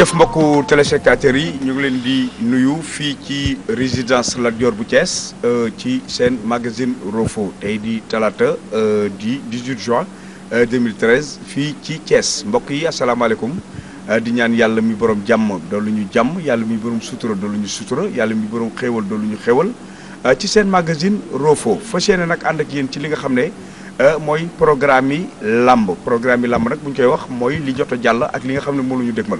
jërëjëf mbokku téléspectateurs yi ñu ngi leen di nuyu fii ci résidence Lat Dior bu Thiès euh, ci seen magazine Rofo tey di talaata euh, di 18 juin 2013 euh, fii ci Thiès mbokk yi asalaamaaleykum di ñaan yàlla mi borom jàmm doolu ñu jàmm yàlla mi borom sutura doolu ñu sutura yàlla mi borom xéewal doolu ñu xéewal ci seen magazine Rofo fas yéene nag ànd ak yéen ci li nga xam ne mooy programme yi làmb programme yi làmb nag bu ñu koy wax mooy li jot a jàll ak li nga xam ne moom la ñu dégmal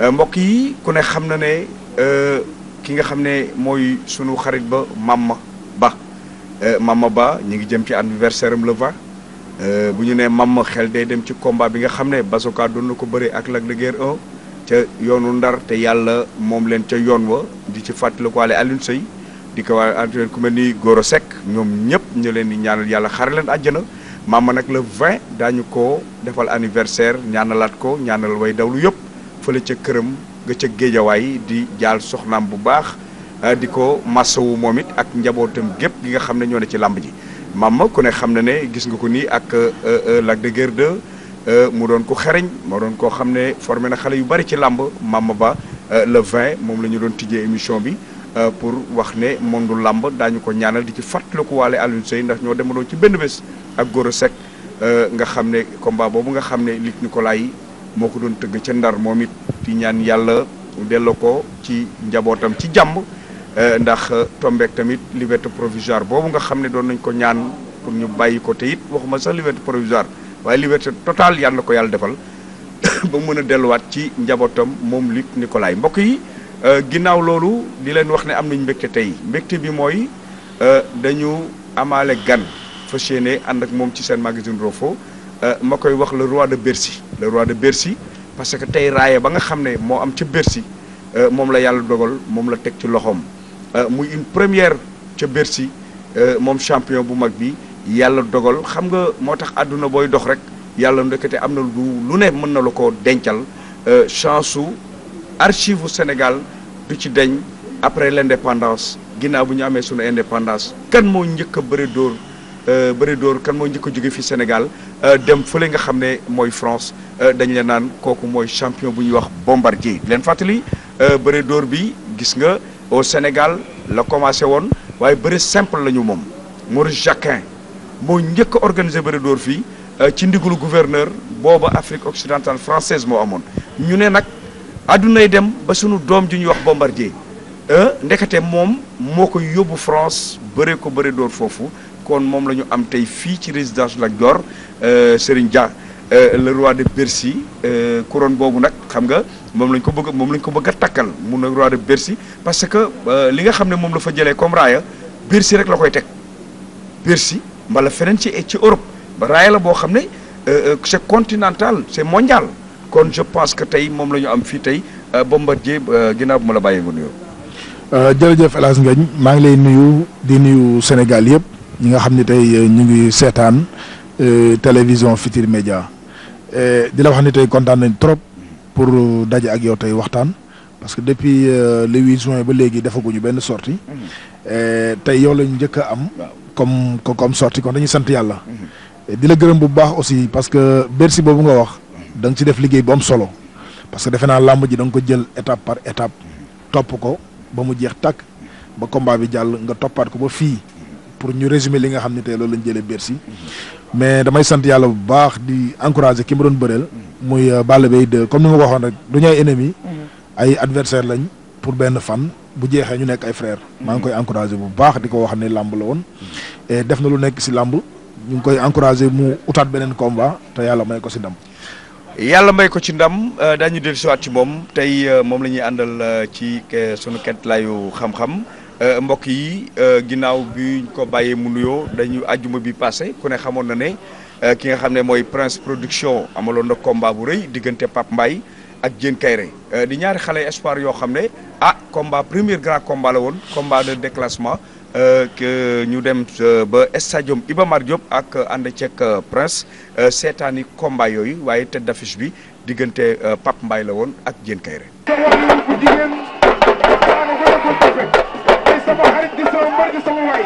Euh, mbokk yi ku ne xam na ne euh, ki nga xam ne mooy sunu xarit ba Mama Ba euh, Mama Ba ñu ngi jëm ci anniversaire am le va bu ñu nee Mama xel day dem ci combat bi nga xam ne Basoka doon na ko bëre ak Lac de Guiers ca yoonu Ndar te yàlla moom leen ca yoon wa di ci fàttali ko waale Alioune Seye di ko waale entraîneur ku mel ni Goro Seck ñoom ñëpp ñu leen di ñaanal yàlla xare leen na Mama nag la 20 daañu ko defal anniversaire ñaanalaat ko ñaanal way dawlu yëpp. fële ca këram nga ca géejawaay di jaal soxnaam bu baax ah, di ko masawu moom it ak njabootam gépp gi nga xam ne ñoo ne ci làmb ji maam ku ne xam na ne gis nga ko nii ak euh, euh, Lac de Guiers 2 euh, mu doon ko xereñ moo doon koo xam ne forme na xale yu bari ci làmb maam ba le 20 moom la ñu doon tijjee émission bi pour wax ne mondu làmb daañu ko ñaanal di ci fàttaliku waale Alioune Seye ndax ñoo demandoo ci benn bés ak Gora Seck nga xam ne combat boobu nga xam ne Luc Nicolaï moo ko doon tëgg ca ndar moom it di ñaan yàlla delloo ko ci njabootam ci jàmm eh, ndax eh, tombeek tamit liberté provisoire boobu nga xam ne doon nañ ko ñaan pour ñu bàyyi ko te waxuma sax liberté provisoire waaye liberté totale yàlla ko yàlla defal ba mën a delluwaat ci njabootam moom Luc Nicolaï mbokk yi eh, ginnaaw loolu di leen wax ne am nañ mbégte tey mbégte bi mooy dañu amaale gan fas yéene ànd ak moom ci seen magazine Rofo Euh, ma koy wax le roi de Bercy le roi de Bercy parce que tey raaya ba nga xam ne moo am ca Bercy euh, moom la yàlla dogal moom la teg ci loxoom euh, muy une première ca Bercy moom champion bu mag bi yàlla dogal xam nga moo tax àdduna booy dox rek yàlla ndekete am na lu lu ne mën na la ko dencal chance su archive Sénégal du ci deñ après l' indépendance ginnaaw bu ñu amee sunu indépendance kan moo njëkk a bëri dóor Euh, bëri dóor kan mooy njëkk a jóge fi Sénégal euh, dem fële nga xam ne mooy France euh, dañ leen naan kooku mooy champion bu ñuy wax bombardier di leen fàttali bëri dóor bi gis nga au Sénégal la commencé woon waaye bëri simple la ñu moom Maurice Jacquin moo njëkk a organisé dóor fii ci ndigalu gouverneur booba Afrique occidentale française moo amoon ñu ne nag addunay dem ba sunu doom ju ñuy wax bombardier ndekete moom moo ko yóbbu France bëree ko bëri dóor foofu kon moom la ñu am tey fii ci résidence Lat Dior euh, Serigne Dia euh, le roi de Bercy euh, couronne boobu nag xam nga moom lañ ko bëgg moom lañ ko bëgg a takkal mu ne roi de Bercy parce que li nga xam ne moom la fa jëlee comme raaya Bercy rek la koy teg Bercy mbala feneen ci ci Europe ba raaya la boo xam ne c'est continental c'est mondial kon je pense que tey moom la ñu am fii tey Bombardier ginnaaw bu ma la bàyyee nga nuyoo. jërëjëf El Hadj Ngagne maa ngi lay nuyu di nuyu Sénégal yëpp. ñi nga xam ni tey euh, ñu ngi seetaan euh, télévision Futurs Médias euh, di la wax ni tey kontaan nañ trop pour daje ak yow tey waxtaan parce que depuis le huit juin ba léegi defaguñu benn sortie mm-hmm. tey yow lañu njëkk a am comme comme sortie kon dañuy sant yàlla mm-hmm. dina gërëm bu baax aussi parce que Bercy boobu nga wax mm-hmm. da nga ci def liggéey bu solo parce que defe naa làmb ji da nga ko jël étape par étape topp ko ba mu jeex tàkk ba combat bi jàll nga toppaat ko ba fii pour ñu résumer li nga xam ne tey loolu lañ jëlee Bercy mais damay sant yàlla bu baax di encourager ki ma doon bëreel muy euh, Balla Gaye 2 comme ni ma ko waxoon rek du ñu ay ennemis ay adversaire lañ pour benn fan bu jeexee ñu nekk ay frère maa ngi koy encourager bu baax di ko wax ne làmb la woon et def na lu nekk si làmb ñu ngi koy encourager mu utaat beneen combat te yàlla may ko si ndam yàlla may ko ci ndam daa euh, ñu daañu dellusiwaat ci moom tey euh, moom la ñuy àndal ci sunu kent layu xam-xam Euh, mbokk yi euh, ginnaaw bi ko bàyyee mu nuyoo dañu ajjuma bi passé ku ne xamoon na ne euh, ki nga xam ne mooy Prince Production amaloon na combat bu rëy diggante Pape Mbaye ak Diène Kairé di ñaari xale espoir yoo xam ne a ah, combat premier grand combat la woon combat de déclassement que ñu dem ba stadium Iba Mar Diop ak ànd ceeg Prince seetaani combat yooyu waaye tête d'affiche bi diggante Pape mbaay la woon ak Diène Kairé sama xarit di sama mbër di sama waay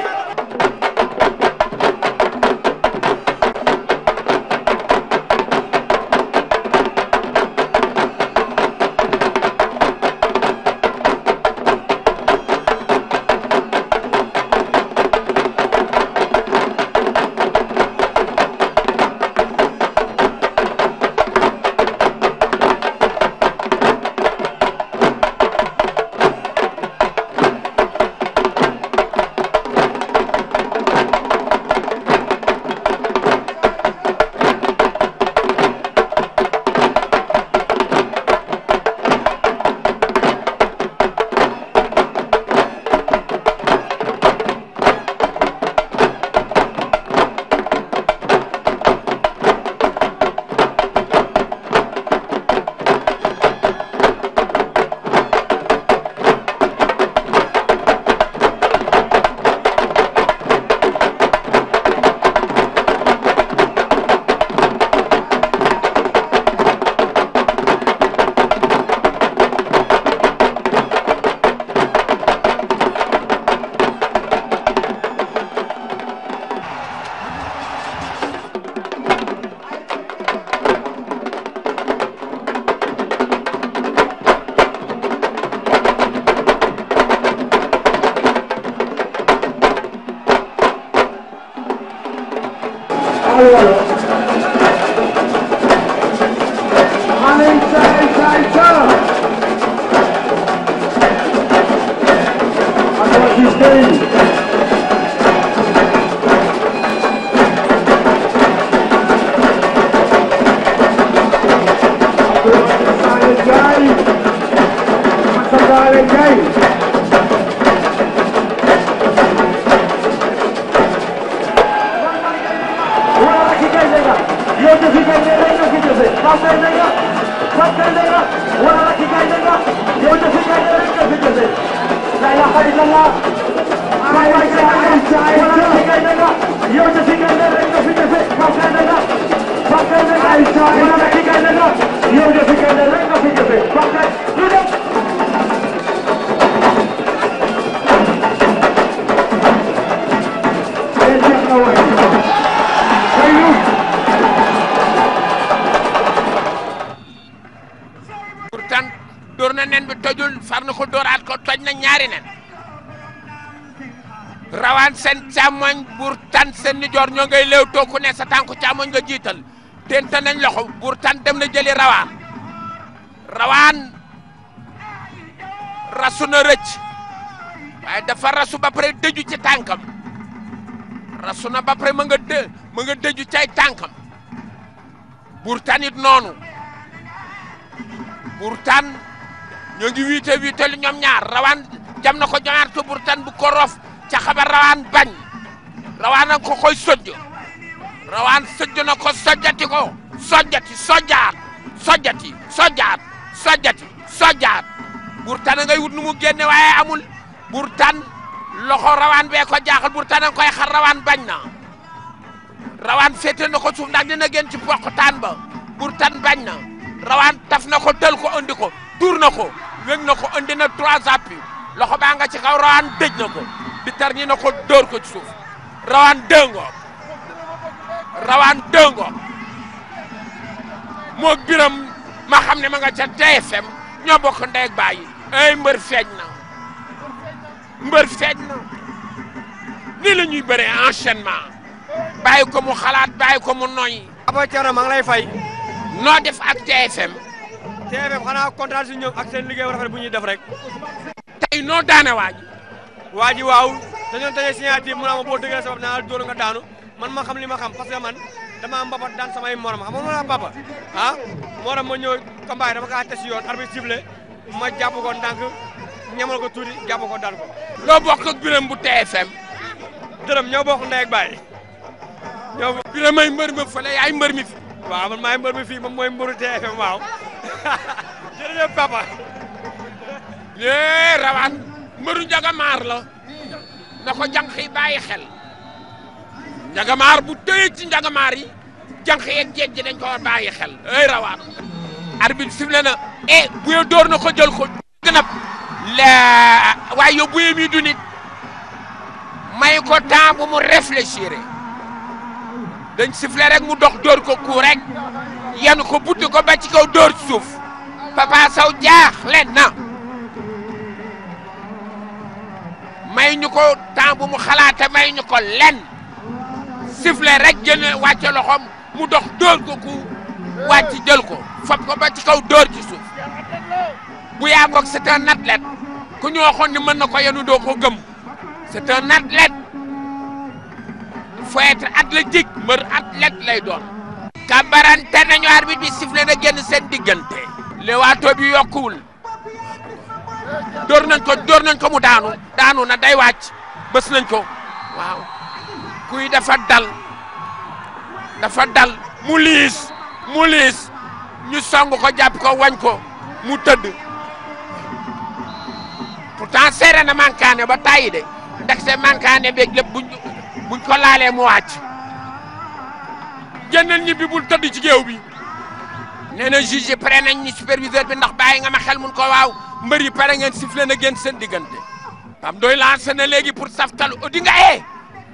geesu na ba pare ma nga dë ma nga dëju cay tànkam buur tanit noonu buur tan ñoo ngi wiite wiitelu ñoom ñaar rawaan jam na ko ñaar te buur tan bu ko rof ca xaba rawaan bañ rawaan a ko koy sojj rawaan sojj na ko sojjati ko sojjati sojjaat sojjati sojjaat sojjati sojjaat buur tan a ngay wut nu mu génne amul buur loxo rawaan bee ko jaaxal bur ta danga koy rawaan bañ na rawaan féete na ko suuf ndax dina génn ci poqtaan ba bur tan bañ na rawaan taf na ko tël ko andi ko tuur na ko wég na ko andi na trois appuis loxo baa nga ci kaw rawaan dëj na ko bi tar ñi na ko dóor ko ci suuf rawaan dëngoog rawaan dëngoog moo biram ma xam ne ma nga ca TFM ñoo bokk ndey baay ay mbër feeñ na mbër feeñ na nii la ñuy bëree enchaînement bàyyi ko mu xalaat bàyyi ko mu noy Aboy cere ma ngi lay fay. noo def ak TFM. TFM xanaa kontaan si ñoom ak seen liggéey rafet bu ñuy def rek. tey noo daane waa ji. waa ji waaw dañoo daje signature mu ne ma boo déggee sabab naa dóor nga daanu man ma xam li ma xam parce man damaa mbabat daan samay morom xam nga ma la mbaba ah morom ma ñëw combat dama kaa test yoon arbitre sifflé ma jàpp ko ndànk. ñamal ko tuuti jàpp ko daan ko. loo bokk ak Birame bu TFM. dërëm ñoo bokk ndey ak ñoo bokk Birame ay mbër yaay mbër fi. waaw maay mbër mi fii moom mooy mbëru TFM waaw jërëjëf papa. yee rawaan mbëru njagamaar la. na ko jànq yi bàyyi xel. bu tëye ci njagamaar yi. jànq yeeg ji dañ ko war bàyyi xel. ay rawaan. arbitre sifflé na. eh bu dóor na ko jël ko gën la waaye yóbbu yem yi du nit may ko temps mu réfléchir dañ sifflé rek mu dox dóor ko ku rek yanu ko buddi ko ba ci kaw dóor suuf Papa Sow jaaxle na may ñu ko temps mu xalaate may ñu ko lenn sifflé rek génne wàcce loxoom mu dox dóor ko ku wàcc jël ko fab ko ba ci kaw dóor ci suuf bu yaa ngoog c'est un ku ñu waxoon ni mën na ko yenu doo ko gëm c'est un athlète il faut être athlétique mbër athlète lay doon kambarante nañu arbitre bi sifflé na génn seen diggante lewaatoo bi yokkuwul dóor nañ ko dóor nañ ko mu daanu daanu na day wàcc bës nañ ko waaw kuy dafa dal dafa dal mu liis mu liis ñu song ko jàpp ko wañ ko mu tëdd pourtant seere na mankaane ba tàyyi de ndax se mankaane beeg lépp buñ buñ ko laalee mu wàcc génnal ñibbi bul tëdd ci géew bi nee na juge pare nañ ni superviseur bi ndax bàyyi nga ma xel mun ko waaw mbër yi pare ngeen sifflé na génn seen diggante pam doy lancé na léegi pour saftal Odinga ee eh!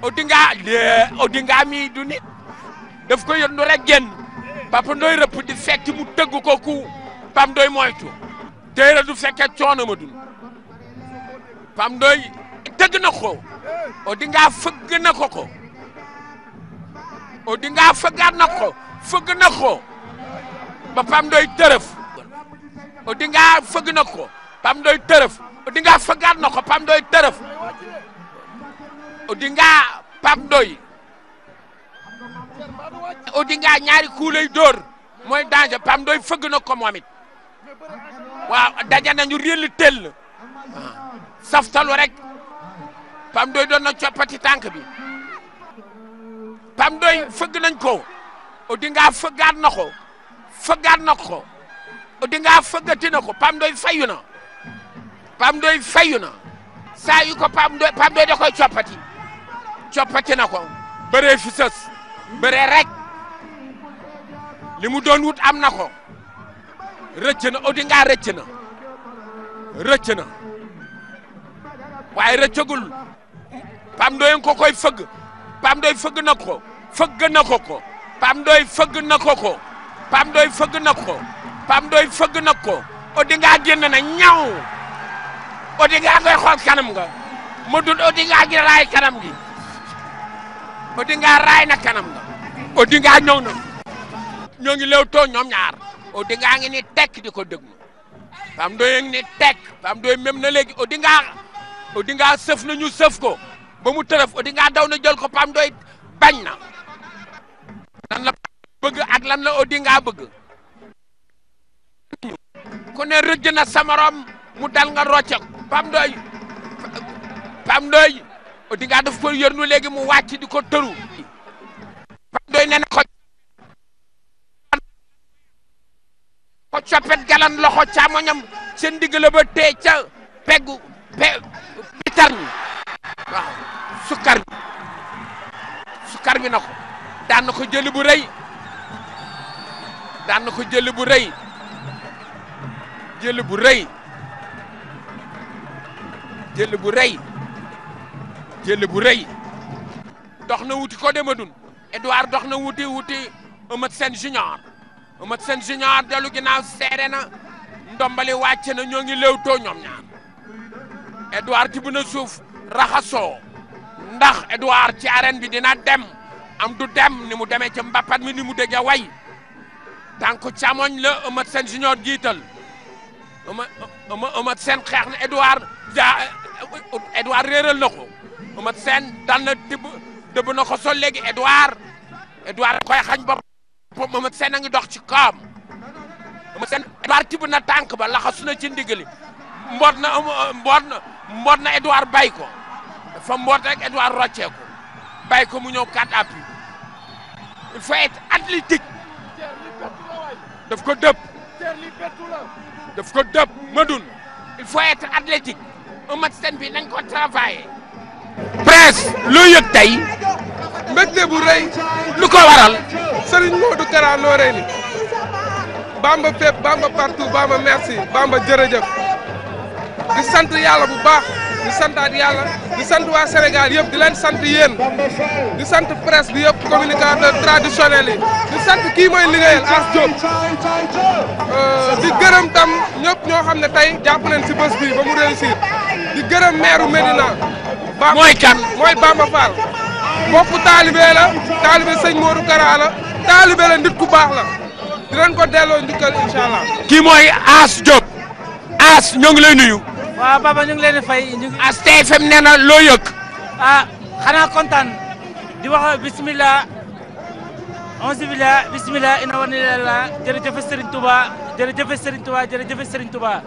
Odinga lee Odinga mi du nit daf ko yónnu rek génn Papa Ndoye rëpp di fekk mu tëgg ko ku Pam Ndoye moytu téere du fekkee coono ma dul Pam Ndoye tëgg na ko Odinga fëgg na ko ko Odinga fëggaat na ko fëgg na ko ba Pam Ndoye tërëf Odinga fëgg na ko Pam Ndoye tërëf Odinga fëggaat na ko Pam Ndoye tërëf Odinga Pam Ndoye Odinga ñaari coup lay mooy danger Pam Ndoye fëgg na ko moom it waaw daje nañu réel tell saftalu rek Pam Doy doon na coppati tànk bi Pam Doy fëgg nañ ko Odinga fëggaat na ko fëggaat na ko Odinga fëggati na ko Pam Doy fayu na Pam Doy fayu na saa yu ko Pam Doy Pam koy coppati coppati na ko bëree fi sës rek li mu doon wut am na ko rëcc na Odinga rëcc na rëcc na waaye rëccagul Pape Ndoye ko koy fëgg Pape Ndoye fëgg na ko fëgg na ko ko Pape fëgg na ko ko Pape Ndoye fëgg na ko Pape Ndoye fëgg na ko Odinga génn na ñaw Odinga ngay xool kanam nga Modou Odinga gi raay kanam gi Odinga raay na kanam nga Odinga ñëw na ñoo ngi leew too ñoom ñaar Odinga ngi ni tekk di ko déglu Pape Ndoye ngi ni tekk Pape Ndoye même na léegi Odinga Odinga sëf na ñu sëf ko ba mu tërëf Odinga daw na jël ko Pape Ndoye bañ na lan la bëgg ak lan la Odinga bëgg ku ne rëjj na sa mu dal nga roccak Pape Ndoye Pape Ndoye Odinga daf ko yërnu léegi mu wàcc di ko tëru Pape Ndoye nee na ko ko coppet galan loxo càmmoñam seen digg la ba tee ca peggu pe bitar ñi waaw sukkar bi na ko daan na ko jëli bu rëy daan na ko jëli bu rëy jëli bu rëy jëli bu rëy jëli bu rëy dox na wuti ko demadun Edouard dox na wuti wuti Eumeu Sène junior Eumeu Sène junior dellu ginnaaw seere na ndombali wàcc na ñoo ngi léewtoo ñoom ñaar Edouard tibb na suuf raxasoo ndax Edouard ci arène bi dina dem am du dem ni mu demee ca mbapat mi ni mu déggee way tànk càmmoñ la Eumeu sen junior jiital Eumeu Eumeu Eumeu Sène xeex na Edouard ja Edouard réeral na ko Eumeu Sène dal na tibb dëbb na ko sol léegi Edouard Edouard koy xañ bopp Eumeu Sène a ngi dox ci kaam Eumeu Sène Edouard tibb na tànk ba laxasu na ci ndigali mboot na mboot na mboot na Edouard bay ko dafa mboot rek Edouard roccee ko mu ñëw quatre appuis il faut être athlétique daf ko dëpp daf ko dëpp madun il faut être athlétique un match seen bi nañ ko travailler presse loo yëg tey mbégte bu rëy lu ko waral Serigne Modou Kara Noreyni Bamba fépp Bamba partout Bamba merci Bamba di sant yàlla bu baax di santaat yàlla di sant waa Sénégal yëpp di leen sant yéen di sant presse bi yëpp communicateur traditionnel yi di sant kii mooy liggéeyal As Diop euh, di gërëm tam ñëpp ñoo xam ne tey jàpp nañ si bés bi ba mu réussir di gërëm maire Médina mooy kan mooy Bamba Fall bopp taalibe la taalibe sëñ Modou Kara la taalibe la nit ku baax la dinañ ko delloo njukkal incha allah. kii mooy As Diop As ñoo ngi lay nuyu. waaw Baba ñu leen di fay. as TFM nee na loo yëg. ah kontaan di wax bisimilah. onze bila bisimilah ina wane leen la jërëjëf Serigne Touba jërëjëf Serigne Touba jërëjëf Serigne Touba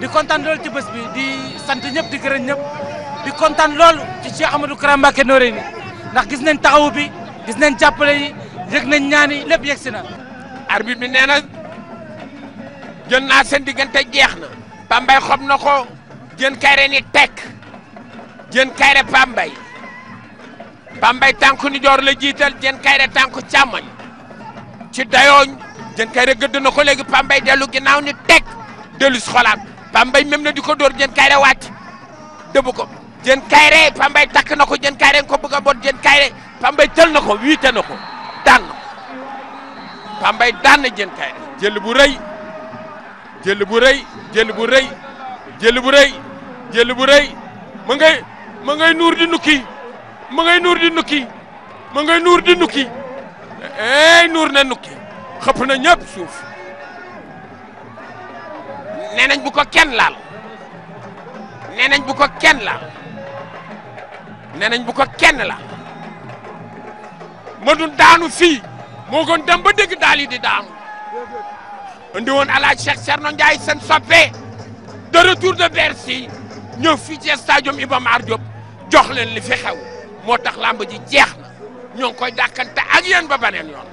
di kontaan loolu ci bés di sant ñëpp di gërëm ñëpp di kontaan loolu ci Cheikh Amadou Karam Mbacké Noreyni ndax gis nañ taxawu bi gis nañ jàppale yëg nañ ñaan yi yeg si na. arbitre bi nee na jën naa seen diggante jeex na. Pambay xob na ko. jën kayre ni tekk jën kayre pambay pambay tànku ni joor la jiital jën kayre tànku ci dayooñ jën kayre gëdd na ko léegi pambay dellu ginnaaw ni tekk dellu si xolaat pambay même na di ko dóor jën kayre dëbb ko jën pambay takk na ko jën kayre nga ko bëgg bot jën pambay tël na ko wiite na ko daan na ko pambay daan na jël bu rëy jël bu rëy jël bu rëy jël bu rëy ma ngay ma ngay nuur di nukki ma ngay nuur di nukki ma ngay nuur di nukki ey nuur na nukki xëpp na ñëpp suuf nee nañ bu ko kenn laal nee nañ bu ko kenn laal nee nañ bu ko kenn laal ma dun daanu fii moo gën dem ba dégg daal yi di daanu andi woon alaaj Cheikh Cerno Ndiaye seen soppe de retour de Bercy ñëw fii ci stade Iba Mar Diop jox leen li fi xew moo tax làmb ji jeex na ñoo koy dàkkante ak yéen ba baneen yoon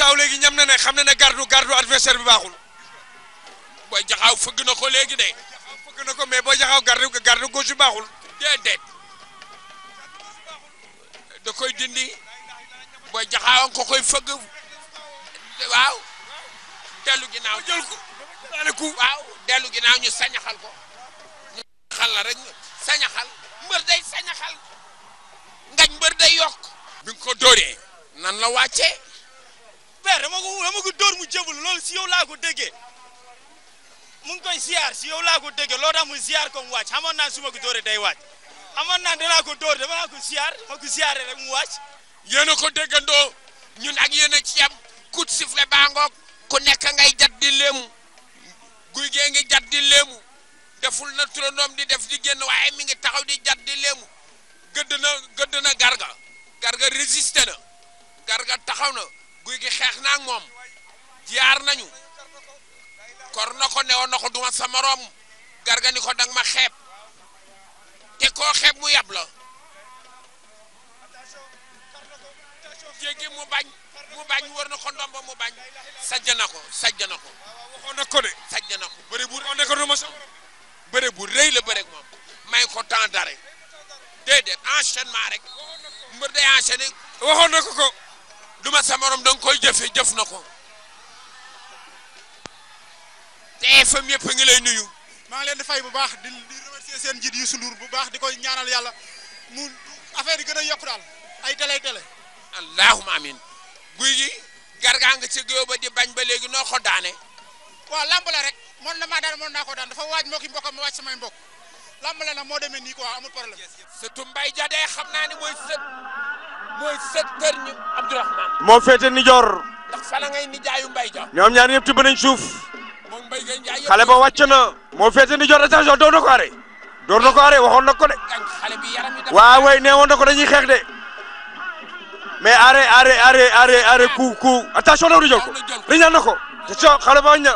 jaxaaw léegi ñam na ne xam na ne gardu gardu adversaire bi baaxul booy jaxaaw fëgg na ko léegi de fëgg na ko mais booy jaxaaw gardu gardu gauche bi baaxul déedéet da koy dindi booy jaxaaw nga koy fëgg waaw dellu ginnaaw jël ko daane ku waaw dellu ginnaaw ñu sañaxal ko ñu sañaxal la rek ñu sañaxal mbër sañaxal ngañ mbër day yokk bi ko dóoree nan la wàcce père dama ko dama mu jébalu loolu si yow laa ko déggee mu ngi koy ziar si yow laa ko loolu tax mu ko mu wàcc xamoon naa su ma ko dóoree day wàcc xamoon naa danaa ko dóor dama naa ko ziar ma ko ziaree rek mu wàcc. yéen ko déggandoo ñun ak yéen a ci am coup de ku nekk ngay jat di guy gee ngi jat deful na turandoom di def di génn waaye mi ngi taxaw di jat di léemu garga garga résisté garga taxaw na. guy gi xeex naa ak moom jaar nañu kor na ko newoon na ko duma sa morom garga ko dang ma xeeb te koo xeeb mu yab la mu bañ mu bañ war na ko ndomba mu bañ sajj na ko sajj na ko waxoon na ko de sajj na ko bëre bu ko duma sa bëre la bëre may ko temps d'arrêt déedéet enchaînement rek mbër day enchaîné waxoon na ko ko du ma sa morom da nga koy jëfe jëf na ko TFM yëpp ngi lay nuyu maa ngi leen di fay bu baax di remercier seen njiit Youssou Ndour bu baax di koy ñaanal yàlla mu affaire yi gën a yokku daal ay télé télé allahuma amin guy gi gargaa nga ci géew ba di bañ ba léegi noo ko daane waaw lamb la rek moon na maa daan moon naa ko daan dafa waaj mbokki mbokkam ma waaj samay mbokk lamb la na moo demee nii quoi amul la surtout Mbaye Dia de xam naa ni mooy sët mooy secteur Abdourahmane. moo féete nijoor. ndax fala ngay nijaayu mbay ja. ñoom ñaar ñëpp tibb nañ suuf. moom mbay ga njaay ba wàcc na. moo féete nijoor attention door na ko aare. door na ko aare waxoon na ko de. xale bi yaram yi dafa ko dañuy xeex de. mais aare aare aare aare ku ku attention daw na jël ko. riñaan na ko attention xale ba añ na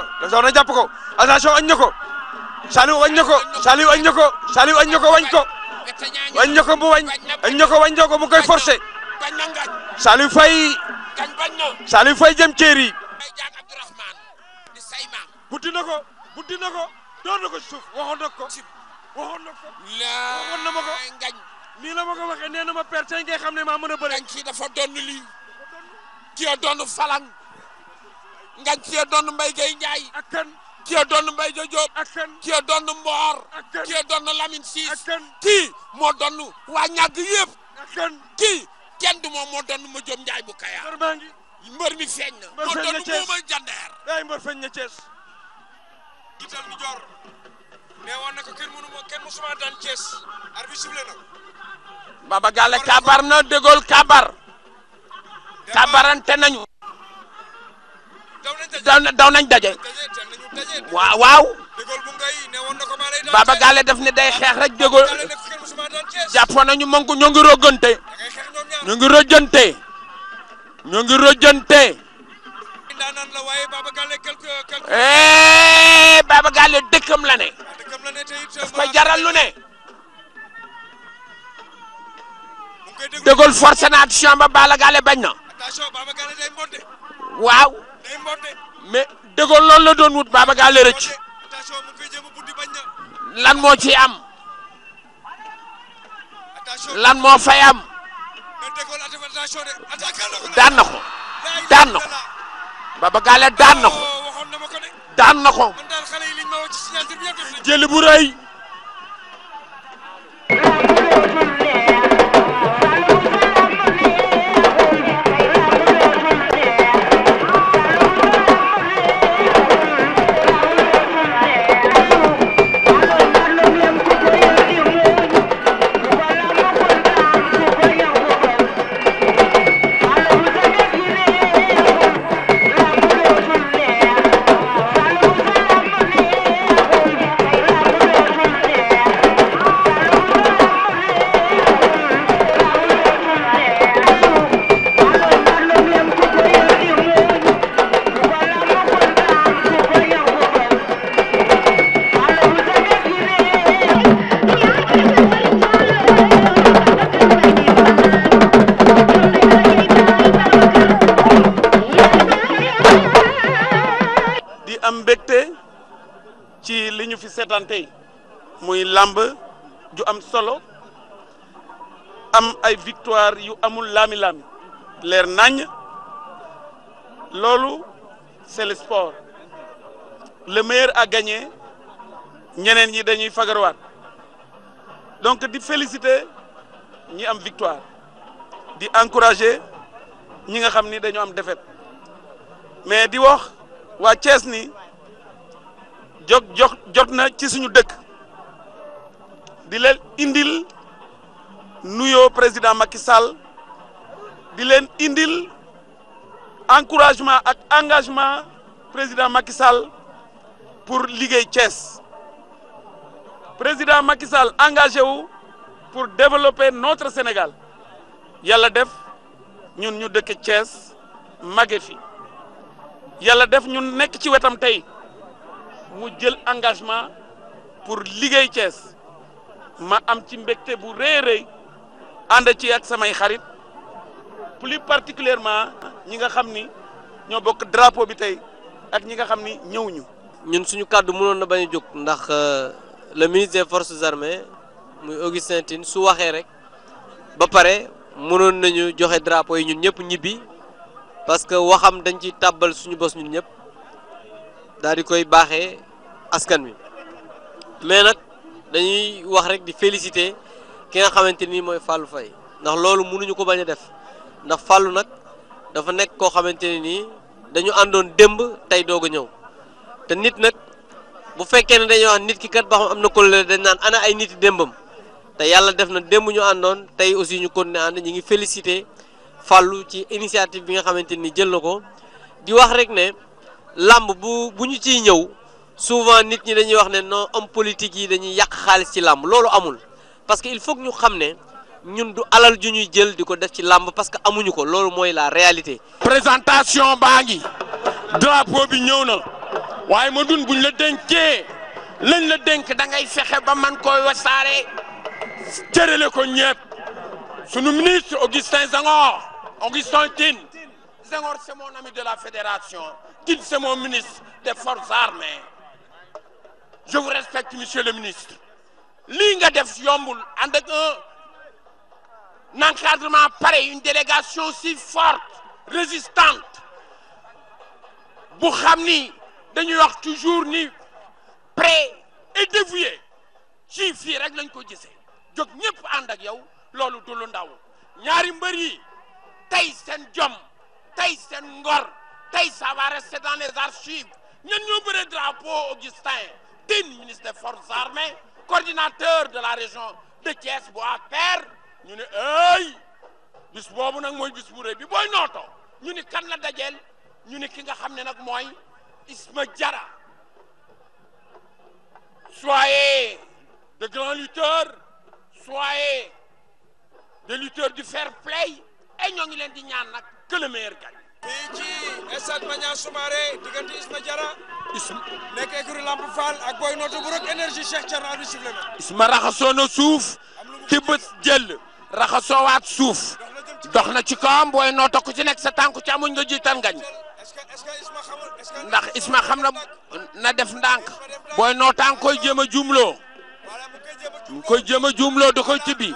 dafa na ko attention añ na ko. Saliou wañ ko Saliou wañ na ko Saliou wañ na ko wañ ko. wañ na ko mu wañ wañ bañ na ngañ Saliou Faye ngañ bañ na Saliou Faye jëm céeri bay jaag Abdourahmane di say maam buddi ko buddi ko door ko ci suuf waxoon na na ko waxoon na ma ko ngañ nii la ma a bëri ngañ ci dafa donn lii ki a donn mbay gay njaay ak a donn mbay jojob ak kan a donn mboor ki a kii moo donn waa ñàgg yëpp kii kenn du moom moo doon ma jom njaay bu kayaar mbër maa mi feeñ na moo doon moo ma jandeer day mbër feeñ na Thiès na ko kenn mënu moo kenn musuma daan Baba Galle kabar na dégool kabar kabarante nañu daw nañ daje waaw Baba Galle daf ne day xeex rek dégol jàppoon nañu mën ko ñoo rojante ñoo rojante eh Baba Galle dëkkam la ne ah, daf euh, koy jaral ne dégol forcé na action ba Bala Galle bañ na waaw mais dégol loolu la doon wut Baba Galle rëcc. lan moo ci am lan moo fay am daan na ko daan na ko Baba oh, Galle daan na ko daan na ko jëli bu rëy làmb ju am solo am ay victoire yu amul lami laami leer nañ loolu c'est le sport le maire a gagné ñeneen yi dañuy fagarwaat donc di féliciter ñi am victoire di encourager ñi nga xam ni dañu am défaite mais di wax waa Thiès ni jot jot jot na ci suñu dëkk di leen indil nuyo président Macky Sall di leen indil encouragement ak engagement président Macky Sall pour liggéey Thiès président Macky Sall engagé wu pour développer notre Sénégal yàlla def ñun ñu dëkk Thiès màgge fi yàlla def ñu nekk ci wetam tey mu jël engagement pour liggéey Thiès. ma am ci mbégte bu rëy rëy ànd ci ak samay xarit plus particulièrement ñi nga xam ni ñoo bokk drapeau bi tey ak ñi nga xam ni ñëwuñu. ñun suñu kàddu mënoon na bañ a jóg ndax euh, le ministre des forces armées muy Augustin Tine su waxee rek ba pare mënoon nañu joxe drapeau yi ñun ñëpp ñibbi parce que waxam dañ ci tàbbal suñu bos ñun ñëpp daal di koy baaxee askan wi mais nag. dañuy wax rek di féliciter ki nga xamante ni mooy Fallou Faye ndax loolu mënuñu ko bañ a def ndax Fallou nag dafa nekk koo xamante ne nii dañu àndoon démb tey doog a ñëw te nit nag bu fekkee ne dañuy wax nit ki kat ba xam am na kóllëre dañ naan ana ay nit démbam te yàlla def na démb ñu àndoon tey aussi ñu continuer ànd ñu ngi félicité Fallou ci initiative bi nga xamante ni jël na ko di wax rek ne làmb bu bu ñu ciy ñëw. souvent nit ñi dañuy wax ne non homme politique yi dañuy yàq xaalis ci làmb loolu amul parce que il faut ñu xam ne ñun du alal ju ñuy jël di ko def ci làmb parce que amuñu ko loolu mooy la réalité. présentation baa ngi drapeau bi ñëw na waaye ma dun buñ la dénkee lañ la denk da ngay fexe ba man koy wasaare le ko ñëpp sunu ministre Augustin Senghor Augustin Tine Senghor c'est mon ami de la fédération Tine c'est mon ministre des forces armées. je vous respecte monsieur le ministre lii nga def yombul ànd ak un encadrement pareil une délégation si forte résistante bu xam ni dañuy wax toujours ni prêt et dévoué ci fii rek lañ ko gisee jóg ñëpp ànd ak yow loolu du lu ndaw ñaari mbër yi tey seen jom tey seen ngor tey ça va rester dans les archives ñun ñoo bëre drapeau Augustin Tine ministre des forces armées coordinateur de la région de Thiès bu per ñu ne ay bis nag mooy bis bu rëy bi booy nootoo ñu ne kan la dajeel ñu ne ki nga xam ne nag mooy Isma Diarra soyez de grands lutteurs soyez des lutteurs du fair play et ñoo ngi leen di ñaan nag que le fii ci stade Maniang Isma Jara. ma. Isma raxasoo na suuf ci bët jël raxasoo waat suuf dox na ci kawam Boy Noto ku ci nekk sa tànku ci amuñ nga jiital ngañ. ndax Isma xam na na def ndànk Boy Noto koy jéem a jumloo koy jéem a jumloo da koy tibbi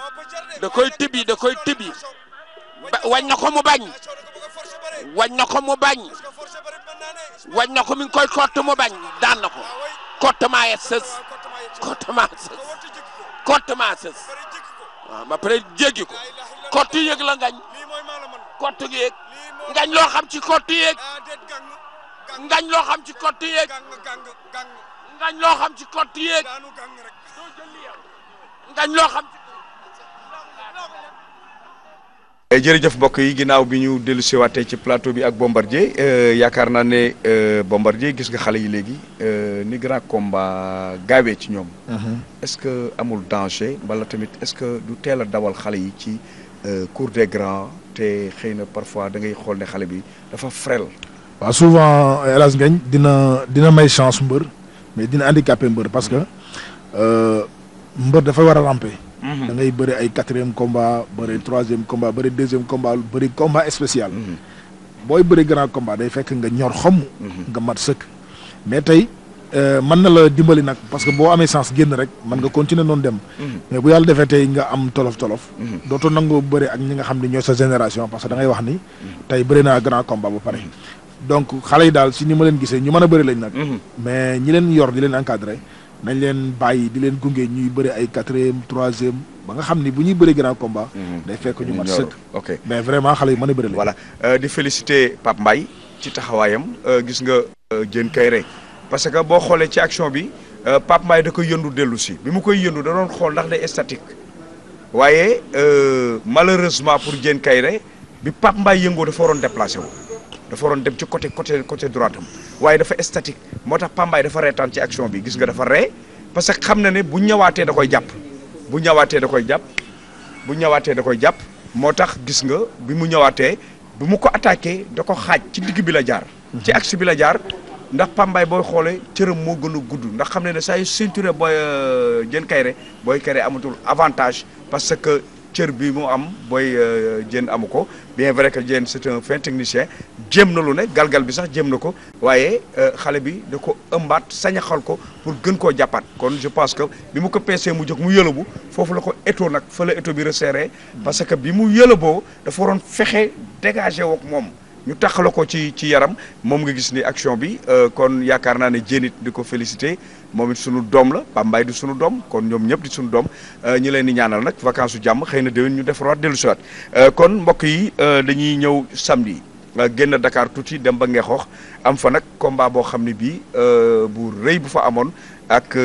da koy tibbi da koy tibbi wañ na ko mu bañ. wañ na ko mu bañ wañ na ko mi ngi koy kott mu bañ daan na ko kott maa yees sës kott maa sës kott maa sës waaw ba pare jéggi ko kott yëg la ngañ kott gi yëg ngañ loo xam ci kott yëg ngañ loo xam ci kott yëg ngañ loo xam ci kott yëg ngañ loo xam Eh, jërëjëf mbokk yi ginnaaw bi ñu dellusi siwaatee ci plateau bi ak Bombardier eh, yaakaar naa ne eh, Bombardier gis nga xale yi léegi ni grand combat gaawee ci ñoom. Uh-huh. est-ce que amul danger wala tamit est-ce que du teel a dawal xale yi ci cour des grands te xëy na parfois da ngay xool ne xale bi dafa frêle. waa souvent El Hadj dina dina may chance mbër mais dina handicapé mbër parce que mm-hmm. euh, mbër dafay war a ramper. Mhm. da ngay bëri ay quatrième combat bëri troisième combat bëri deuxième combat bëri combat spécial. Mhm. booy bëri grand combat day fekk nga ñor xomm. Mhm. nga mat sëkk mais tey. Euh, mën na la dimbali nag parce que boo amee sens génn rek mën nga continuer noonu dem. mais bu yàlla defee tey nga am tolof tolof. dootoo nangoo bëri ak ñi nga xam ne ñooy sa génération parce que da wax ni. tey bëri naa grand combat ba pare. donc xale yi daal si ni ma leen gisee ñu mën a bëri lañ nag. mais ñi leen yor di leen encadré. nañ leen bàyyi di leen gunge ñuy bëri ay quatrième troisième ba nga xam ni bu ñuy bëri grand combat. Mhm. day fekk ñu mat set ok mais vraiment xale yi mën a bëri la. voilà euh, di féliciter Pape Mbaye ci taxawaayam euh, gis nga euh, Diène Kairé parce que boo xoolee ci action bi Pape Mbaye da koy yëndu dellu si bi mu koy yëndu da doon xool ndax day statique waaye malheureusement pour Diène Kairé bi Pape mbaay yëngoo dafa waroon déplacé wu. dafa waroon dem ci côté côté côté droite am waaye dafa statique moo tax Pambaay dafa reetaan ci action bi gis nga dafa ree parce que xam na ne bu ñëwaatee da koy jàpp bu ñëwaatee da koy jàpp bu ñëwaatee da koy jàpp moo tax gis nga bi mu ñëwaatee bu mu ko attaqué da ko xaaj ci digg bi la jaar. ci axe bi la jaar ndax Pambaay booy xoolee cëram moo gën a gudd ndax xam ne ne saa yu ceinture booy jën euh, kayre booy keree amatul avantage parce que. cër bi mu am booy jën euh, amu ko bien vrai que jën c'est un fin technicien jéem na lu ne galgal bi sax jéem na ko waaye euh, xale bi da ko ëmbaat sañaxal ko pour gën koo jàppaat kon je pense que bi mu ko peesee mu jóg mu yëlëbu foofu la ko éto nag fa la étau bi resserré parce que bi mu yëlëboo dafa waroon fexe dégagé wook moom ñu taxala ko ci ci yaram moom nga gis ni action bi euh, kon yaakaar naa ne jénit di ko félicité moom it sunu doom la Pape Mbaye di sunu doom kon ñoom ñëpp di sunu doom euh, ñi leen di ñaanal nag vacances su jàmm xëy na déwén ñu defaraat dellu siwaat euh, kon mbokk yi euh, dañuy ñëw samedi génn Dakar tuuti dem ba Ngexoox am fa nag combat boo xam ne bii bu rëy bu fa amoon ak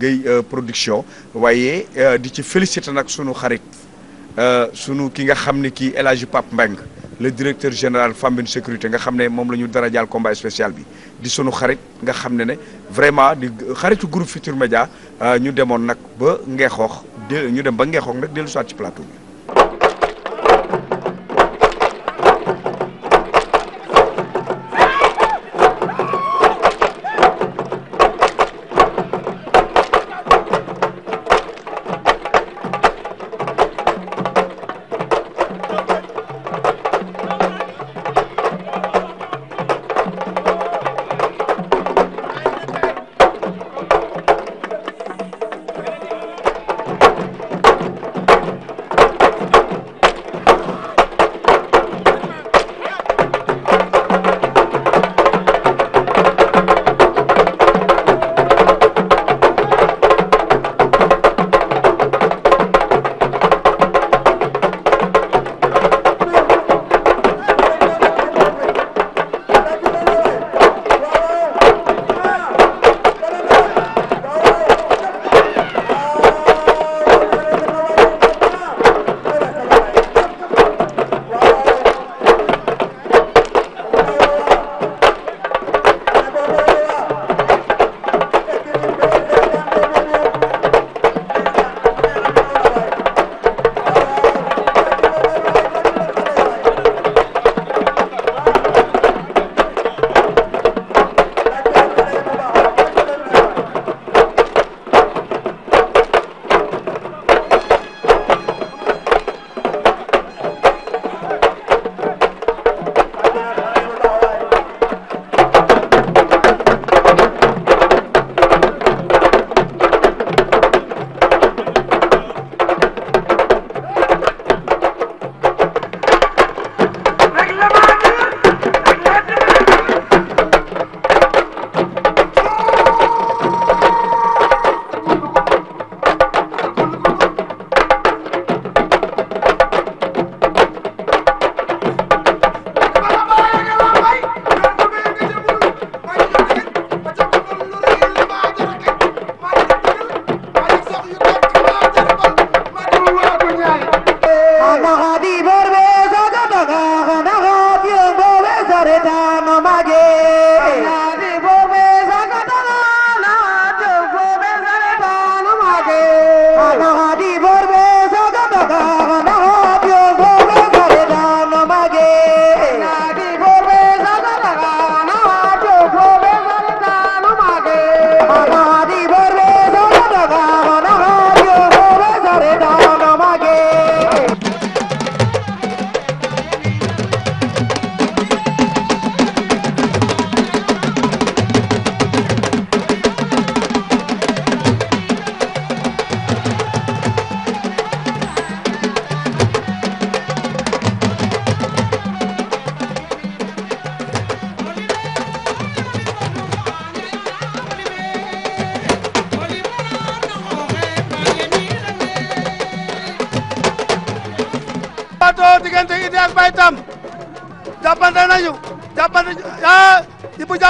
Guèye production waaye di ci félicité nag sunu xarit. Euh, sunu ki nga xam ne kii El Hadj Pape Mbeng le directeur général Fambine sécurité nga xam ne moom la ñu dara jaal combat spécial bi di sunu xarit nga xam ne ne vraiment di xaritu groupe Futur Média euh, ñu demoon nag ba ngeexoox ñu dem ba ngeexoox nag dellu si waat ci plateau bi.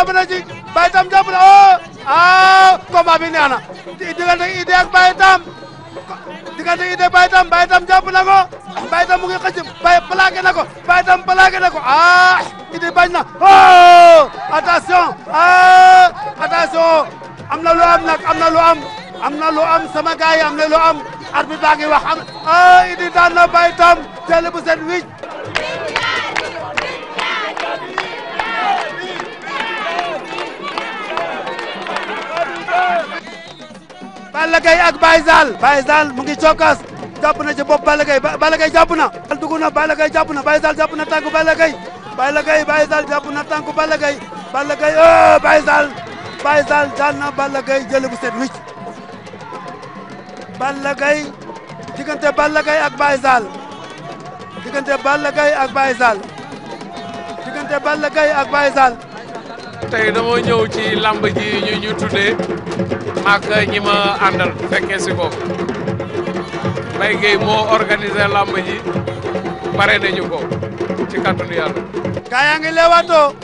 jàpp na ci Baye Tam jàpp na oh ah combat bi neex na diggante Tam diggante Idé Baye Tam Baye Tam jàpp na ko Tam mu ngi xëcc Baye plaqué na ko Baye Tam plaqué na ko ah Idé bañ na oh attention ah attention am na lu am nag am na lu am am na lu am sama gars am na lu am arbitre baa wax am ah Idé daan na Baye Tam jël bu Balla Gaye ak Baye Zal Baye Zal mu ngi cokkaas jàpp na ci bopp Balla Gaye Balla Gaye jàpp na dugg Balla Gaye jàpp na Baye Zal jàpp na tànku Balla Gaye Balla Gaye Baye Zal jàpp na tànku Balla Gaye Balla Gaye oh Baye Zal Baye Zal daan na Balla Gaye jël bu set Balla Gaye diggante Balla Gaye ak Baye Zal diggante Balla Gaye ak Baye Zal diggante Balla Gaye ak Baye Zal tey dama ñëw ci lamb ji ñu ñu maak ñi ma àndal fekkee si ko Mbaye Gueye moo organisé lamb ji pare nañu ko ci kàttanu yàlla. gaa yaa ngi leewaatoo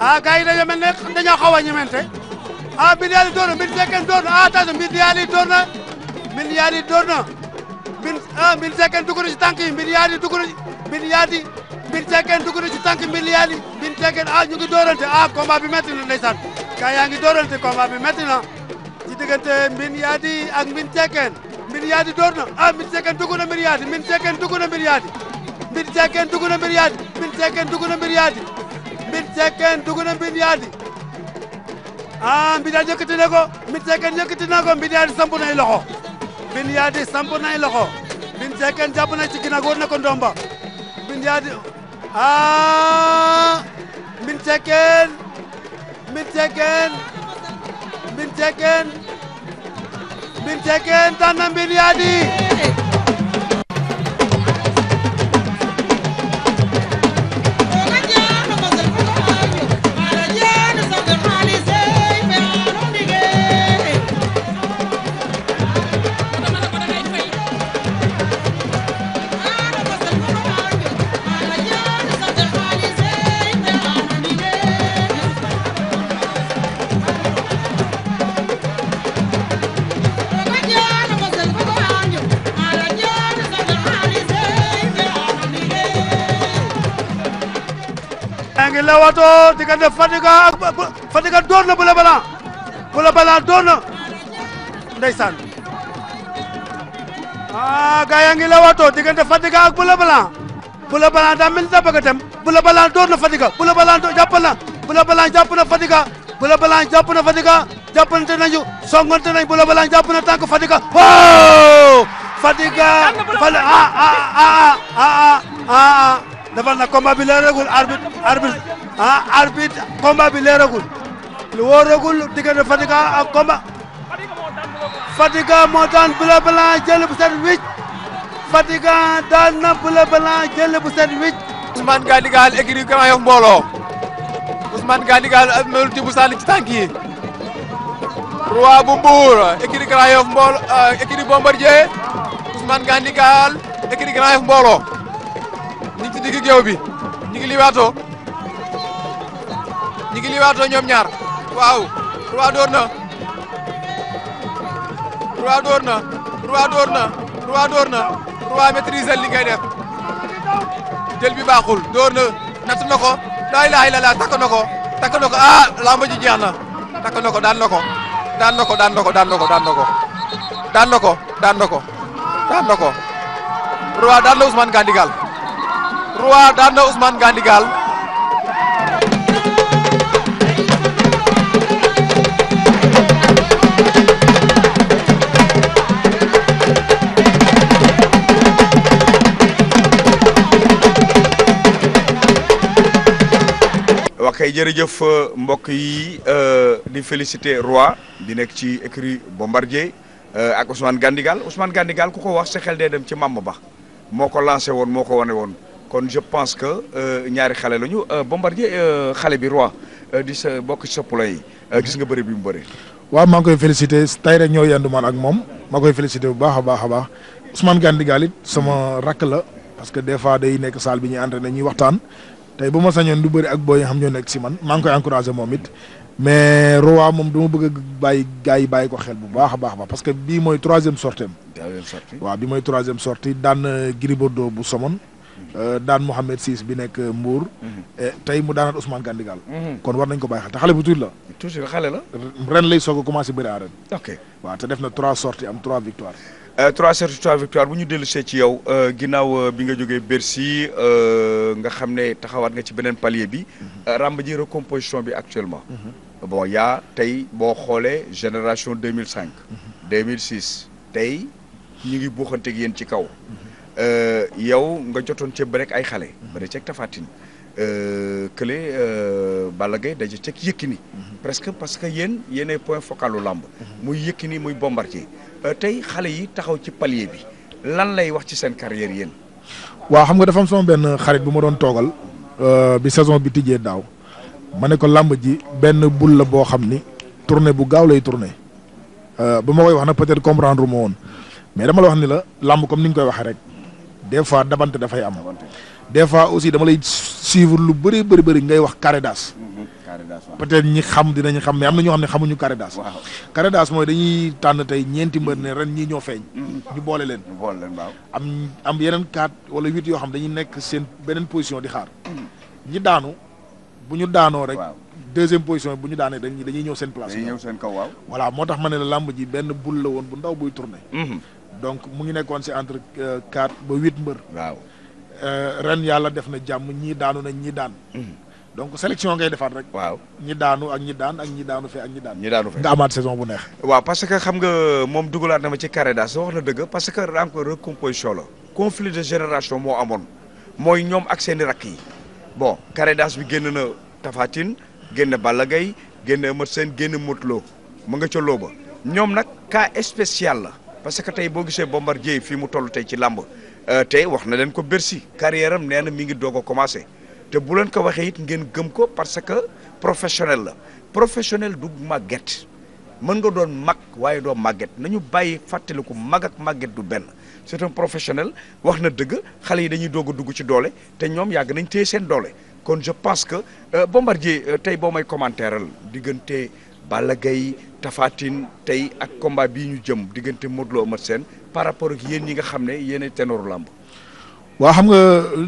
ah gaa ne dañoo xaw a ñemente ah mbir yaa di na mbir sekkeen door na ah attention mbir yaa di na mbir yaa di na mbir ah mbir sekkeen dugg na ci tànk yi mbir yaa bin tekkeen dugg na ci tànk miliyaar yi bin tekkeen ah ñu ngi doorante ah combat bi métti na ndeysaan gaa yaa ngi doorante combat bi métti na ci diggante mbin yaadi ak mbin tekkeen mbin yaadi door na ah mbin tekkeen dugg na mbir yaadi mbin tekkeen dugg na mbir yaadi mbin tekkeen dugg na mbir yaadi mbin tekkeen dugg na mbir yaadi mbin tekkeen dugg na mbir yaadi ah mbin yaadi yëkkati na ko mbin tekkeen yëkkati na ko mbin yaadi samp nay loxo mbin yaadi samp nay loxo mbin tekkeen jàpp na ci ginnaaw wër na ko ndomba mbin yaadi aa ah, mbin ceken mbin ceken mbin ceken mbin na wato diggante Fadiga ak Fadiga door na Boule Bala Boule Bala door na ndeysaan ah gaa yaa ngi la wato diggante ak Boule Bala Boule Bala daa mel ni daa bëgg a dem Boule Bala door na Fadiga Boule Bala jàpp na Boule Bala jàpp na Fadiga Boule Bala jàpp na Fadiga jàppante nañu songante nañu Boule Bala jàpp na tànk Fadiga waaw defal na combat bi leeragul arbitre arbitre ah arbitre combat bi leeragul lu wóoragul Fatiga ak combat Fatiga moo daan Bleu Blanc set wicc Fatiga daan na Bleu Blanc set wicc Ousmane Gandigal écurie Grand Yoff mbooloo Ousmane Gandigal ak euh, melu ci bu sànni ci tànk yi roi bu Mbour écurie Grand euh, Gandigal écurie Grand Yoff mbooloo ñu ngi ci digg géew bi ñu ngi liwaatoo ñu ngi liwaatoo ñoom ñaar waaw roi door na roi door na roi door na roi door na roi maîtriser li ngay def bi baaxul door na natt na ko laa ilaaha illallaah takk na ko takk na ko ah làmb ji jeex na takk na ko daan na ko daan na ko daan na ko daan ko daan ko daan na Gandigal Roi daan na Ousmane Gandigal waa kay jërëjëf euh, mbokk yi euh, di féliciter Roi di nekk ci écurie Bombardier euh, ak Ousmane Gandigal Ousmane Gandigal ku ko wax sa xel dem ci Mamba Ba moo ko lancé woon moo ko wane woon kon je pense que euh, ñaari xale lañu euh, Bombardier euh, xale bi roi di sa bokk ci sa gis nga bëri bi mu bëri. waaw maa ngi koy félicité tey rek ñoo yendu man ak moom maa koy félicité bu baax a baax baax Ousmane Gandigal it sama rakk la parce que des fois day nekk salle bi ñuy entraîné ñuy waxtaan tey bu ma sañoon du bëri ak booy xam ñoo nekk si man maa ngi moom it. mais Roi moom dama bëgg a bàyyi gars yi bàyyi ko xel bu baax a baax ba parce que bii mooy troisième sortie am. troisième sortie waaw bii mooy troisième sortie daan Gris bu somon Euh, daan Mouhamed Siis bi nekk euh, Mbour. Mhm. tey mu daanaat Ousmane Gandigal. Mhm. kon war nañ ko bàyyi xel te xale bu tuuti la. toujours xale la. ren lay soog a commencé bëri arène. ok waaw te def na trois sorties am trois victoires. Euh, trois sorties victoires bu ñu dellu ci yow ginnaaw bi nga jógee Bercy nga xam ne taxawaat nga ci beneen palier bi. Mhm. ràmb ji recomposition bi actuellement. bon yaa tey boo xoolee génération deux mille cinq. deux mille six tey ñu ngi buuxanteeg yéen ci kaw. Euh, yow nga jotoon ceeb rek ay xale. Mhm. bëri ceeb tafatin euh, kële euh, Balla Gaye daje ceeb Yékini mhm. presque parce que yéen yéenay point focalu làmb. Mhm. muy Yékini muy Bombardier tey xale yi taxaw ci palier bi lan lay wax ci seen carrière yéen. waaw xam nga dafa am benn xarit bu ma doon toogal. bi saison bi tijjee daaw. ma ne ko làmb ji benn bul la boo xam ni tournée bu gaaw lay tournée ba ma koy wax nag peut-être comprendre ma woon mais dama la wax ni la làmb comme ni nga koy waxee rek. des fois dabante dafay am des fois aussi dama lay suivre lu bëri bëri bëri ngay wax Caritas mhm, peut-être ñi xam dinañ xam mais am na ñoo xam ne xamuñu Caritas Caritas mooy dañuy tànn tey ñeenti mbër ne ren ñii ñoo feeñ mhm. ñu boole leen am am yeneen quatre wala huit yoo xam dañuy nekk seen beneen position di xaar mhm. ñi daanu bu ñu daanoo rek deuxième position bu ñu daanee dañuy dañuy ñëw seen place. dañuy ñëw seen kaw waaw. voilà moo tax ma ne la làmb ji benn bul la woon bu ndaw buy tourné. donc mu ngi nekkoon si entre euh, quatre ba huit mbër. waaw euh, ren yàlla def na jàmm ñii daanu nañ ñii daan. Mm-hmm. donc sélection ngay defaat rek. waaw ñi daanu ak ñi daan ak ñi daanu fe ak ñi daan. ñi daanu fe nga amaat saison bu neex. waaw parce que xam nga moom dugalaat na ma ci Carredas wax na dëgg parce que encore recomposition la. conflit de génération moo amoon mooy ñoom ak seeni i rakk yi bon Carredas bi génn na Tapha Tine génn Balla gay génn Eumeu seen génn Modou Lo mu nga ca looba ñoom nag cas spécial la. parce que tey boo gisee Bombardier fii mu toll tey ci làmb euh, tey wax na leen ko Bercy carrière am nee na mi ngi doog a commencé te bu leen ko waxee it ngeen gëm ko parce que professionnel la professionnel du màgget mën nga doon mag waaye doo màgget ñu bàyyi fàttaliku mag ak màgget du benn c'est un professionnel wax na dëgg xale yi dañuy doog a dugg ci doole te ñoom yàgg nañ téye seen doole kon je pense que euh, Bombardier euh, tey boo may commentaire diggante. Balla Gaye Tapha Tine tey ak combat bii ñu jëm diggante Modou Lo Eumeu par rapport ak ñi nga xam ne yéen ay ténoru làmb waaw xam nga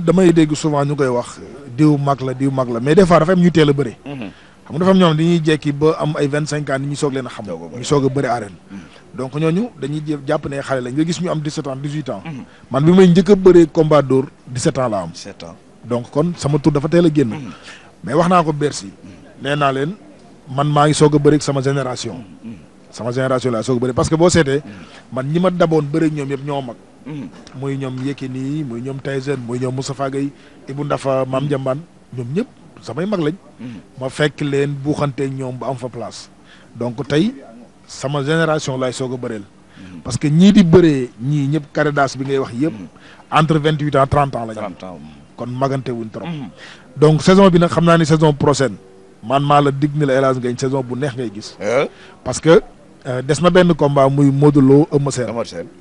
damay dégg souvent ñu koy wax diw mag la diw mag la mais des fois dafa am ñuy teel a bëri mhm. xam nga dafa am ñoom dañuy jekki ba am ay vingt cinq ans ni ñu soog leen a xam ñu soog a bëri arène mhm. donc ñooñu dañuy jàpp ne xale la nga gis ñu am dix set ans dix huit ans mhm. man bi may njëkk a bëree combat d'or dix sept ans la am donc kon sama tur dafa teel a génn mais wax naa ko Bercy nee leen man maa ngi soog a bëri sama génération. sama génération laa soog a parce que boo seetee. man ñi ma daboon bëri ñoom yëpp ñoo mag. muy ñoom Yékini muy ñoom Tyson muy ñoom Moustapha Gueye Ibou Ndafa Mame Ndiambane ñoom ñëpp samay mag lañ. ma fekk leen buuxanteeg ñoom ba am fa place. donc tey sama génération lay soog a bëreel. parce que ñii di bëree ñii ñëpp carré bi ngay wax yëpp. entre vingt huit ans trente ans la ñu. Mm. kon magante wuñ trop. Mm. donc saison bi nag xam naa ni saison prochaine. man maa la dig ni la El Hadj Ngagne saison bu neex ngay gis. Eh? parce que euh, des na benn combat muy Modou Lo Eumeu Sène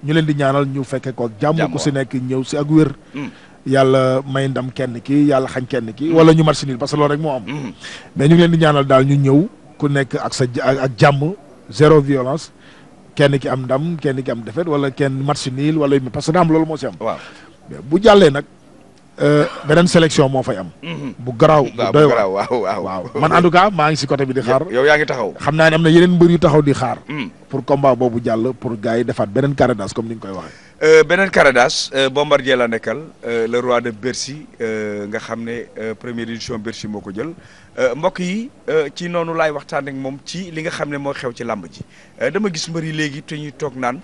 ñu leen di ñaanal ñu fekke ko jàmm ku si nekk ñëw si ak hmm. yàlla may ndam kenn ki yàlla xañ kenn ki. wala ñu marchandise parce que loolu rek moo am. Hmm. mais ñu ngi di ñaanal daal ñu ñëw ku nekk ak sa ak jàmm zéro violence. kenn ki am ndam kenn ki am defet wala kenn match nul wala parce que daam loolu moo si am. waaw bu jàllee nag. Euh, beneen sélection moo fay am. Mhm. bu garaaw bu doy waar waaw man en tout maa ngi si côté bi di xaar. yow yaa ngi taxaw. xam naa ne am na yeneen mbër yu taxaw di xaar. Mm. pour combat boobu jàll pour gars yi defaat beneen Caradas comme ni nga koy waxee. Euh, beneen Caradas euh, Bombardier la nekkal le roi de Bercy nga xam ne première édition Bercy moo ko jël mbokk yi ci noonu laay waxtaan ak moom ci li nga xam ne moo xew ci làmb ji dama gis mbër yi léegi te ñuy toog naan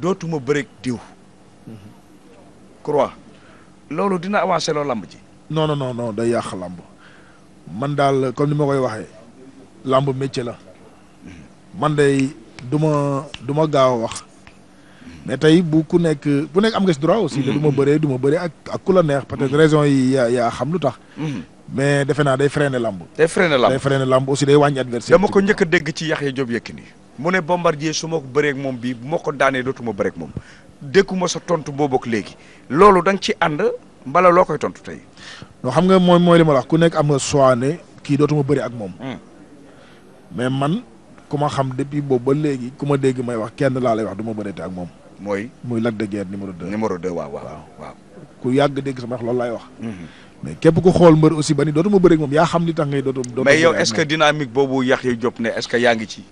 dootuma bëreeg diw. Mhm. loolu dina avancé loo làmb ji. non non non non day yàq làmb man daal comme ni ma koy waxee làmb métier la man day du ma du ma gaaw a wax mais tey bu ku nekk bu nekk am nga si droit aussi. te du ma bëree ak ak ku la neex. peut-être raison yi yaa xam lu tax. mais defe naa day freiné làmb. day freiné làmb day freiné làmb aussi day wàññi adversaire. dama ko njëkk a dégg ci Yaxya Jóob Yékini. mu ne Bombardier su ma ko bëree moom bii bu ma ko daanee dootuma bëree moom dégguma sa tontu boo bokk léegi loolu da nga ci ànd mbala loo koy tontu tey. non xam nga mooy mooy li ma wax ku nekk am nga choix ne kii dootuma bëri ak moom. Hmm. mais man ku ma xam depuis boobu ba léegi ku ma dégg may wax kenn laa lay wax du ma bëreete ak moom. mooy muy Lac de Guiers numéro 2. numéro 2 waaw waaw waaw. ku yàgg dégg sama wax loolu laay wax. Hmm. mais képp ku xool mbar aussi ba ni dootuma bëri ak moom yaa xam ni tax ngay dootu. dootu mais yow est-ce que dynamique boobu Yakhya Diop ne est-ce que yaa ngi ci.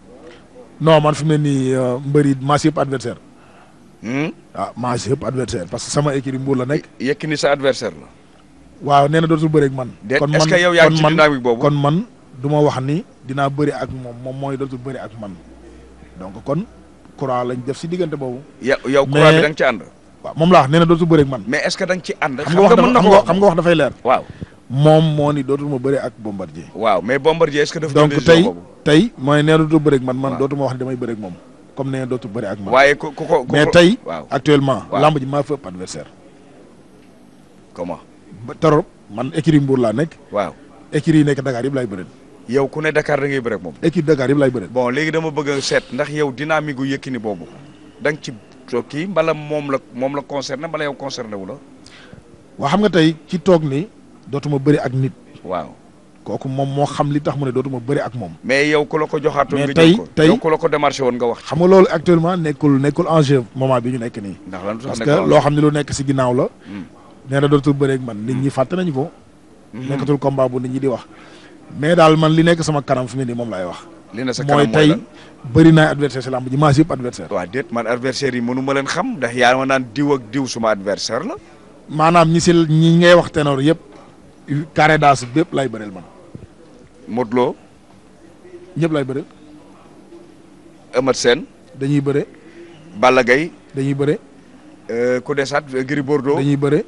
non man fi mu ne nii euh, mbëri massif adversaire Hmm? ah match yëpp adversaire parce que sama équipe Mbour la nekk. Yékini sa adversaire la. waaw nee na dootul bëri ak man. kon man est-ce que yow yaa ngi kon man ma wax ni dinaa bëri ak moom moom mooy dootul bëri ak man donc kon courant lañ def si diggante boobu. yow courant bi da nga ci ànd. waaw moom na dootul bëri leer. waaw moom moo ni dootul ma bëri ak bombardier. waaw mais bombardier est-ce que. daf donc tey tey mooy nee na dootul bëri ak man man dootuma wax ni damay bëri moom comme nee dootul bëri ak man. waaye ku ku ko mais tey. waaw actuellement. lamb ji maa fa ëpp adversaire. ba trop man écurie Mbour laa nekk. waaw écurie yi nekk Dakar yëpp laay bëri. yow ku ne dakaar da ngay bëri moom. écurie Dakar yëpp laay bëri. léegi dama bëgg a seet ndax yow dynamique gu Yékini boobu da ci ci kii mbala moom la moom la concerné mbala yow concerné wu waa xam nga tey ci toog ni dootuma bëri ak nit. waaw. kooku moom moo xam li tax mu ne dootuma bëri ak moom. mais yow ku la ko joxaatoon. nga jël ko mais tey tey yow ku ko démarché woon nga wax. xam loolu actuellement nekkul nekkul enjeu moment nekk nii. ndax lan parce que loo xam ne lu nekk si ginnaaw la. Hmm. nee na dootul bëri ak man nit ñi hmm. fàtte nañu ko. Hmm. nekkatul combat bu nit ñi di wax. mais daal man li nekk sama kanam fu mu ne moom laay wax. li na sa kanam mooy tey bëri naa adversaire si lamb ji maa yëpp adversaire man adversaire yi mënu leen xam ndax yaa ma naan diw la maanaam ñi si ñi ngay wax ténor yëpp carré d'as bépp lay bëreel man Modou Lo. ñëpp laay bëre. Eumeu Sène. dañuy bëre. Balla Gaye. dañuy bëre. Euh, ku desaat Gris Bordeaux. dañuy bëre.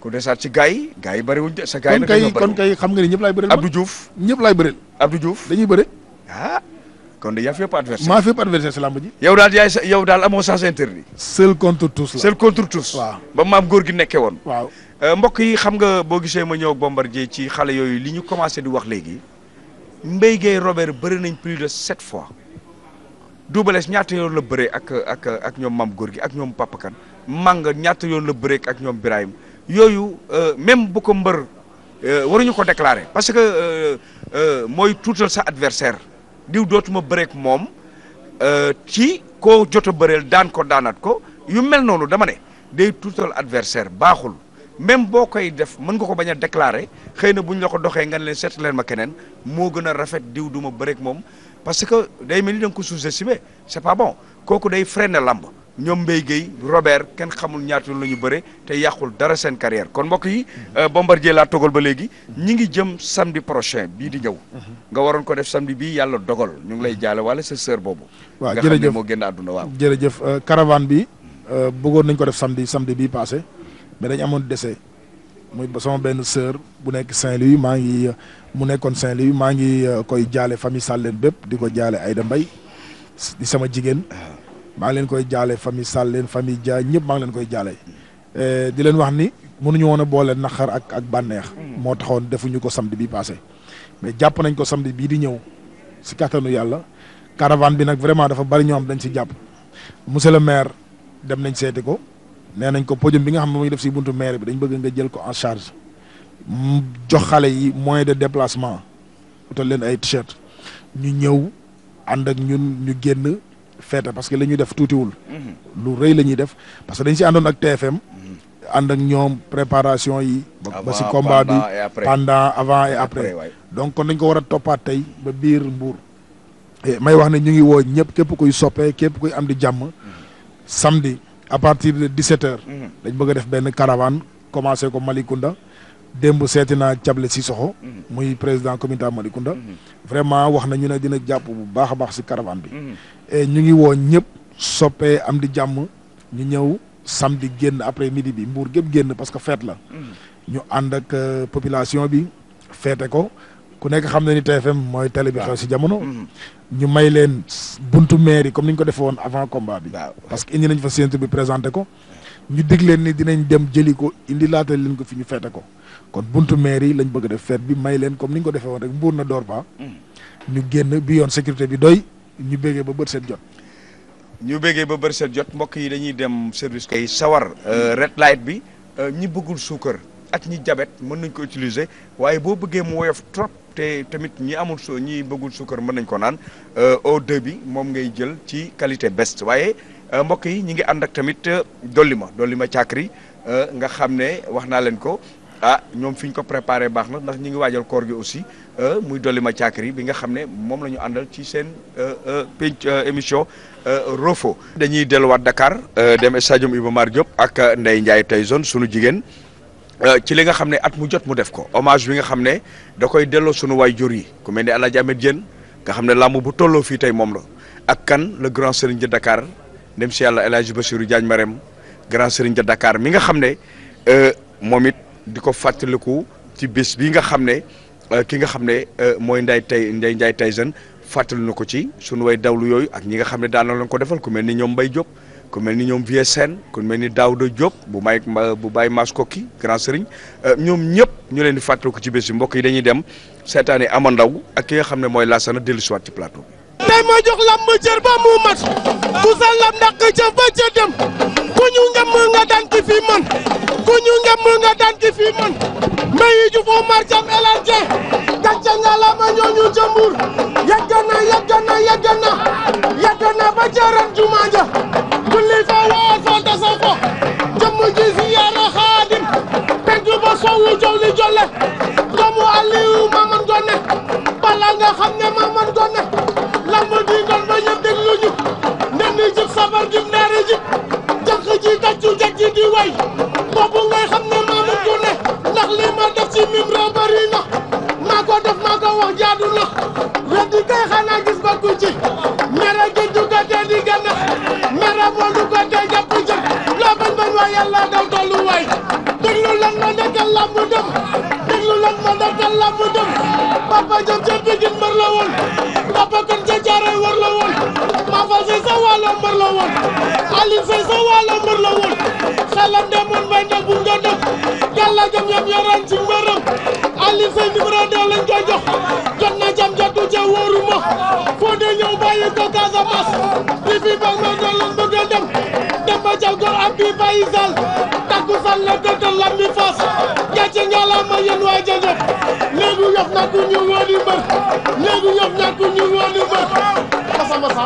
ku desaat ci gars yi. gars yi bëriwuñ de sa gars yi nag dañoo kon xam nga ni ñëpp laay bëreel. Abdou Diouf ñëpp laay bëreel. Abdou Diouf dañuy bëre. ah kon de yaa fépp adversaire. maa fépp adversaire si làmb ji. yow daal yaay yow daal amoo sens interdit. seul contre tous la seul contre tous. waaw ba maam góor gi nekkee woon. waaw. Euh, mbokk yi xam nga boo gisee ma ñëw bombar Bombardier ci xale yooyu li ñu commencé di wax léegi Mbaye Guèye Robert bëri nañ plus de sept fois Double Less ñaata yoon la bëree ak ak ak ñoom Mam Gorgui ak ñoom Papa Kane ñaata yoon la bëree ak ñoom Birahim yooyu euh, même bu ko mbër euh, waruñu ko déclarer parce que mooy tuutal sa adversaire diw dootuma bëreek moom ci ko jot a bëreel daan ko daanaat ko yu mel noonu dama ne day tuutal adversaire baaxul même boo koy def mën nga ko bañ a déclarer xëy na bu ñu la ko doxee nga ne leen seet leen ma keneen moo gën a rafet diw du ma bëreeg moom parce que day mel ni da ko sous-estimé c'est pas bon kooku day freiné lamb ñoom Mbaye Guèye Robert kenn xamul ñaata la ñu bëre te yàqul dara seen carrière kon mbokk yi. Euh, Bombardier laa togal ba léegi. ñi ngi jëm samedi prochain bii di ñëw. nga waroon ko def samedi bii yàlla dogal ñu ngi lay jaale wala sa sœur boobu. waaw jërëjëf nga xam moo génn àdduna waaw. jërëjëf euh, caravane bi euh, bëggoon nañ ko def samedi samedi bii passé. mais dañ amoon décès muy sama benn sœur bu nekk Saint-Louis maa ngi mu nekkoon saint yi maa ngi euh, koy jaale famille Sàlleen bépp di ko jaale Ayda Mbay di sama jigéen ah. maa ngi leen koy jaale famille leen famille Dia ñëpp maa ngi leen koy jaale euh, di leen wax ni mënuñu woon a boole naqar ak ak bànneex hmm. moo taxoon defuñu ko samedi bi passé mais jàpp nañ ko samedi bii di ñëw si kattanu yàlla caravane bi nag vraiment dafa bari ñoo xam dañ si jàpp monsieur le maire dem nañ seeti ko nee nañ ko podium bi nga xam ne mooy def si buntu maire bi dañ bëgg nga jël ko en charge jox xale yi moyen de déplacement utal leen ay t-shirt ñu ñëw ànd ak ñun ñu génn feete parce que lañuy def tuutiwul. Mhm. lu rëy la ñuy def parce que dañ si andoon ak TFM. Mhm. ànd ak ñoom préparation yi. ba si combat bi pendant avant et après. donc kon dañ ko war a toppaat tey ba biir Mbour. Eh, may wax ne ñu ngi woo ñëpp képp kuy soppee képp kuy am di jàmm mhm. samedi. à partir de 17h. Mhm. dañ bëgg a def benn caravane commencé ko Malicounda démb seeti naa si soxo mhm. muy président comité Malicounda. Mhm. vraiment wax na ñu ne dina jàpp bu baax a baax si caravane bi. et ñu ngi woo ñëpp soppee am di jàmm ñu ñëw samedi génn après midi bi mbuur gépp génn parce que fête la. ñu ànd ak euh, population bi feete ko ku nekk xam na ni TFM mooy tele bi xew si jamono. ñu may leen buntu mairie comme ni ñu ko defee woon avant combat bi. parce que indi nañ fa centre bi présenté ko. ñu dig leen ni dinañ dem jëli ko indi laata leen ko fi ñu feete ko kon buntu mairie yi lañ bëgg def feet bi may leen comme ni ñu ko defee woon rek mbuur na door ba hmm. ñu génn bi yoon sécurité bi doy ñu béggee ba bët seen jot. ñu béggee ba bët seen jot mbokk yi dañuy dem service. kay sawar euh, hmm. red light bi euh, ñi bëggul suukar ak ñi jabet mën nañ ko utiliser waaye boo bëggee mu woyof trop. te tamit ñi amul su ñi bëggul sukar mën nañ ko naan O2 euh, bi moom ngay jël ci qualité best waaye euh, mbokk yi ñi ngi ànd ak tamit euh, dollima dollima càkkri nga xam ne wax naa leen ko ah ñoom fiñ ko préparé baax na ndax ñi ngi waajal koor gi aussi muy dolli ma càkkri bi nga xam ne moom la ñu àndal ci seen pénc émission Rofo. dañuy delluwaat Dakar dem stadium Iba Mar Diop ak Ndeye Ndiaye Tyson sunu jigéen. Euh, ci li nga xam ne at mu jot mu def ko hommage bi nga xam ne da koy delloo sunu waay jur yi ku mel ne El Hadj nga xam ne làmb bu tolloo fii tey moom la ak kan le grand serigne de Dakar dem si yàlla El Hadj Bassirou Diagne Marème grand serigne ja Dakar mi nga xam ne euh, moom it di ko fàttaliku ci bés bi nga xam ne euh, ki nga xam ne mooy Nday tey Nday Njaay Tyson fàttali na ko ci sunu way dawlu yooyu ak ñi nga xam ne daal na leen ko defal ku mel ni ñoom Mbaye Diop ku mel ni ñoom Vieux Sène mel ni da Diop bu may bu Baye Mass Kokki Grand Serigne euh, ñoom ñëpp ñu leen di fàttaliku ci bés yi mbokk yi dañuy dem seetaani ama ndaw ak ki nga xam ne mooy Lassana dellu siwaat ci plateau bi tey moo jox lamb jër ba mu mat ku sa lam ndax jëf ba jë dem ku ñu ngem nga daan ki fii man ku ñu ngem nga daan ki fii man mayu ju foo marjam elal gàcce nga la ma ñooñu ca Mbour yegg na yegg na yegg na yegg na ba ca ren jumaa ja kulli fa waa fonte sa ko jëmm ji ziyaara xaadim penku ba sowu jow li jolle doomu Aliou Mamadou Ngoné bala nga xam ne Mamadou Ngoné lamb di ngon ba ñëpp déglu jib sabar jib neeri jib jënk ji taccu jag di way boobu ngay xam ne jaadu na ndax lii ma def ci mim réew bari na maa ko def maa ko wax jaadu na weddi kay xanaa gis bokku ci mere gi du ko te di gën a mere ko te jàpp jëm loo bañ bañ yàlla daw tolluwaay déglu lan ma nekkal làmb dem déglu lan ma nekkal làmb dem papa jom ca Pikine mbër la woon papa kon ca Caaroy war la woon Mafal Sey sa waalo mbër la woon Aline sa waalo mbër la woon xelam demoon may ndel bu nga dem yàlla jëm yam yaran ci mbëram Aline Sey numéro 2 lañ koy jox jot na jam jotu ca wóoru ma foo dee ñëw bàyyi ko Casamance bi fi ma noonu lañ bëgg a dem gor am bi takkusaan la dëggal lam mi fas gàcce ngalaama yéen waa Janjab léegi yof ñàkku ñu woon di mbër léegi yof ñàkku ñu woon mbër masa masa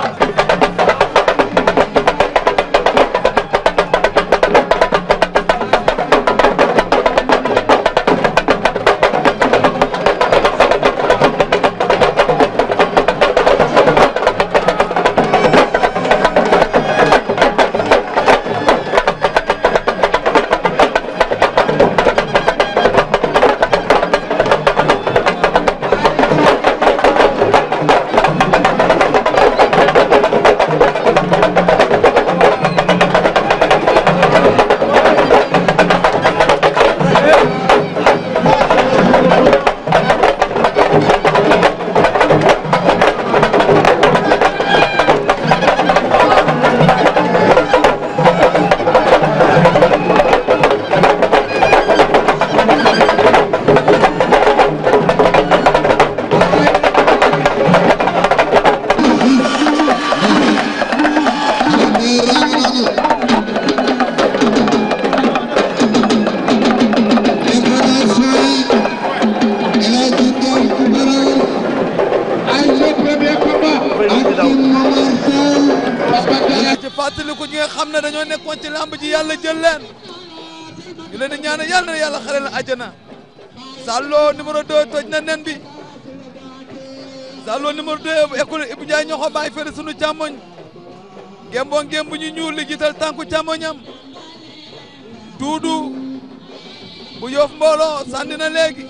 andi na léegi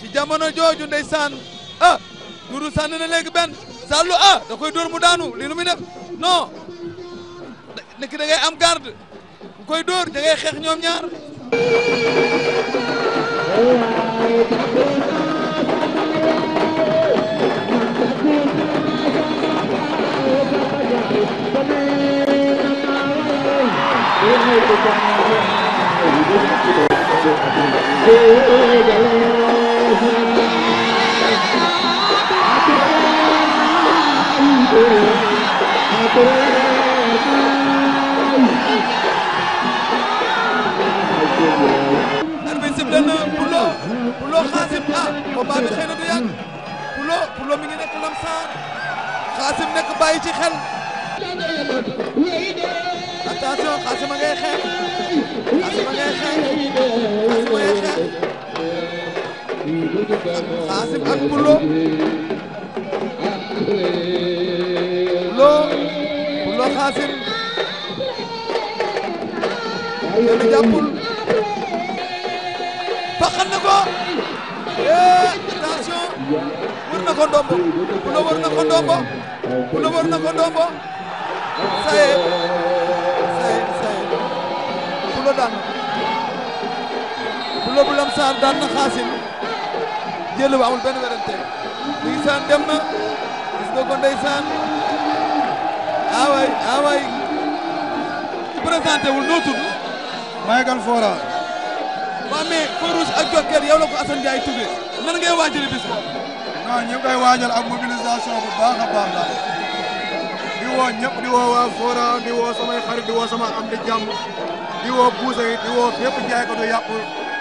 ci jamono jooju ndeysaan saan ah, Doudou sànni na léegi benn Sallou ah, da koy dóor mu daanu li nu muy def non nekk da am garde bu koy dóor da ngay xeex ñoom ñaar. Pulo mi ngi nekk Lamsar Xaasim nekk bàyyi ci xel attention Xassima ngay xeex Xassima ngay xeex Xassima ngay xeex Xassim ak Pulo Pulo Pulo Xassim Pulo bi jàppul baxal na ko eh attention war na ko ndombo Pulo war na ko ndombo Pulo war na ko ndombo ça daan na Bulo Lamsaar daan na Xaasim jël amul benn werante ngi saan dem na gis nga ko ndeysaan aaway ah aaway ah présenté wul noo tudd Michael Fora waa mais feu rouge la ko Assane Ndiaye nan ngay waajale bis boobu non ñu ngi koy waajal ak mobilisation bu baax a baax di woo ñëpp di woo waa Fora di woo samay xarit di woo sama am di jàmm di woo buusa yi di woo bépp jaay ko du yàqu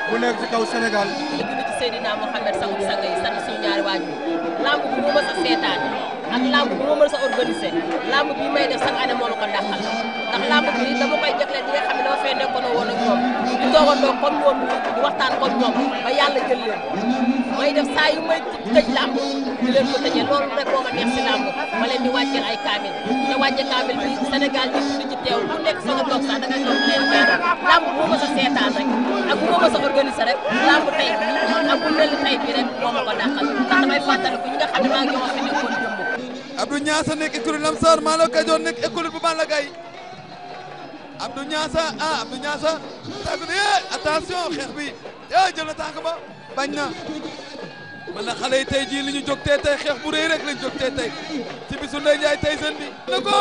bu nekk ci kaw Sénégal. dund ci Seydina Mohamed sangu sang yi sant suñu ñaari waajur lamb bu mu mës a seetaan ak lamb bu mu mës a organisé lamb bi may def chaque année moo la ko dàqal ndax lamb bi dama koy jagleel ñi nga xam ne dama fee nekkoon woon ak ñoom ba yàlla jël leen may def saa yu may tëj lamb di leen ko tëjee loolu rek ma neex si lamb ma leen di wàcceel ay kaamil te wàcce kaamil bi Sénégal teew ku nekk fa toog sax da nga toog leen fekk bu ma sa seetaan rek ak bu ma sa organiser rek làmb tey bi ak bu mel ni tey bi rek moo ma ko dàqal ndax damay fàttali ku ñi nga xam ne maa ngi wax fi nekkoon jëmb Abdou Niassa nekk écurie Lamsar maa la kajoon nekk écurie bu Balla Gaye Abdou Niassa ah Abdou Niassa tànk bi xeex bi eh, jël na tànk ba bañ na mën na xale yi tey jii li ñu jóg tey tey xeex bu rëy rek lañ jóg tey tey ci bisu Ndeye Ndiaye tey seen bi na ko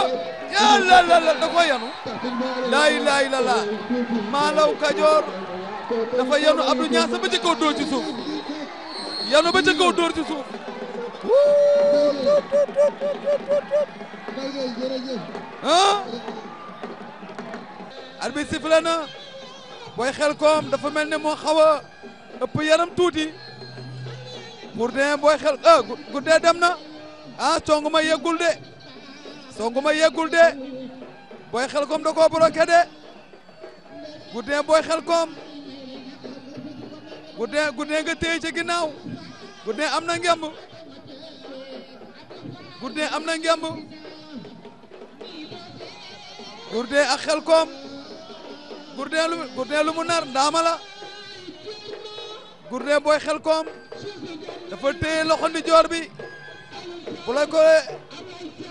yàlla la la da ko yanu laa ilaaha illallaah maalaw kajoor dafa yanu Abdou Niass ba ca kaw dóor ci yanu ba ca kaw dóor ci suuf ah arbitre booy xel koom dafa mel ne moo xaw ëpp yaram tuuti Gourdin boy xel ah dem na a ah, songu ma yeggul de songu ma yeggul de booy xel kom da koo bloqué de Gourdin booy xel kom Gourdin Gourdin nga ci ginnaaw Gourdin am na ngemb Gourdin am na ngemb Gourdin ak xel kom Gourdin nar ndaama la. Gourdin Boy Khelcom dafa téye loxo ndijoor bi bu la ko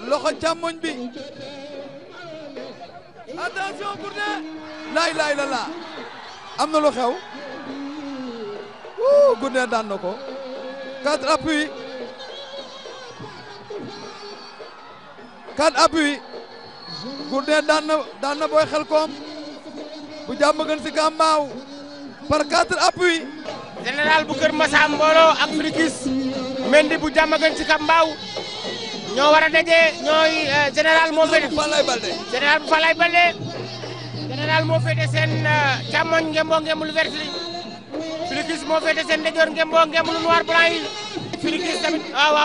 loxo càmmoñ bi attention Gourdin laay laay la am na lu xew wuu Gourdin daan na ko quatre appui quatre appui daan na daan na Boy Khelcom bu jàmm gën si gàmbaaw par quatre appui général bu Kër Massa Mbolo ak Frikis Mendy bu Diamaguène Sicap Mbao ñoo war a daje ñooy euh, général moo féete général bu Falaye seen euh, càmmoñ ngemboo ngembul vert li moo féete seen ndijoor ngemboo ngembul noir blanc yi ah, oh,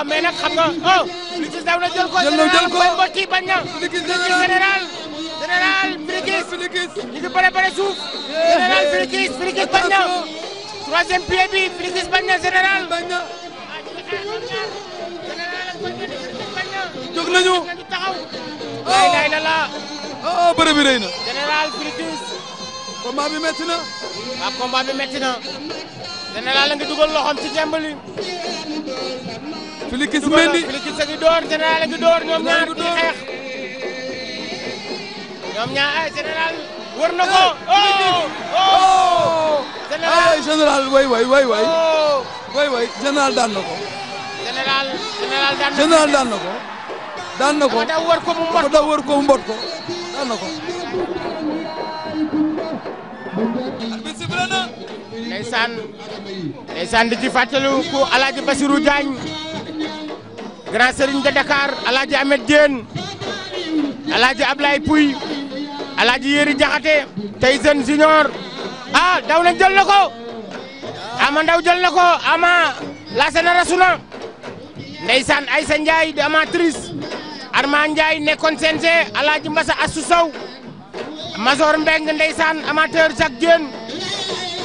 daw na jël ko général bañ mbokki bañ na Frikis général général Frikis ñu ngi troisième pied bi Filix bañ na général bañ na. jóg nañu. lay lay la la. ah oh, oh, bërëb bi rëy na. général Filix. combat bi métti na. waaw combat bi métti na. général la nga dugal loxoom ci jàmbali. Filix Mendy Filix a ngi door général a ngi door ñoom ñaar di xeex. ñoom ñaar ay général. war na ko. général oh, oh. général way way way way. Oh. way way général daan na ko. général général daan na ko général daan na ko. ko mu mbot ko dafa war na ko. arbitre sifflé na. ndeysaan ndeysaan ku El Hadj Basirou Diagne grand serigne de Dakar El Hadj Ahmed Diène El Alaaji Yéri Jaxate Tyson Junior a ah, daw na jël na ko Ndaw jël na ko Ama laase na rasu na ay Aysa Ndiaye di amatrice Arma Ndiaye nekkoon CNG Alaaji Mbasa Assou Sow Mazor Mbeng ndeysaan amateur Jacques Diène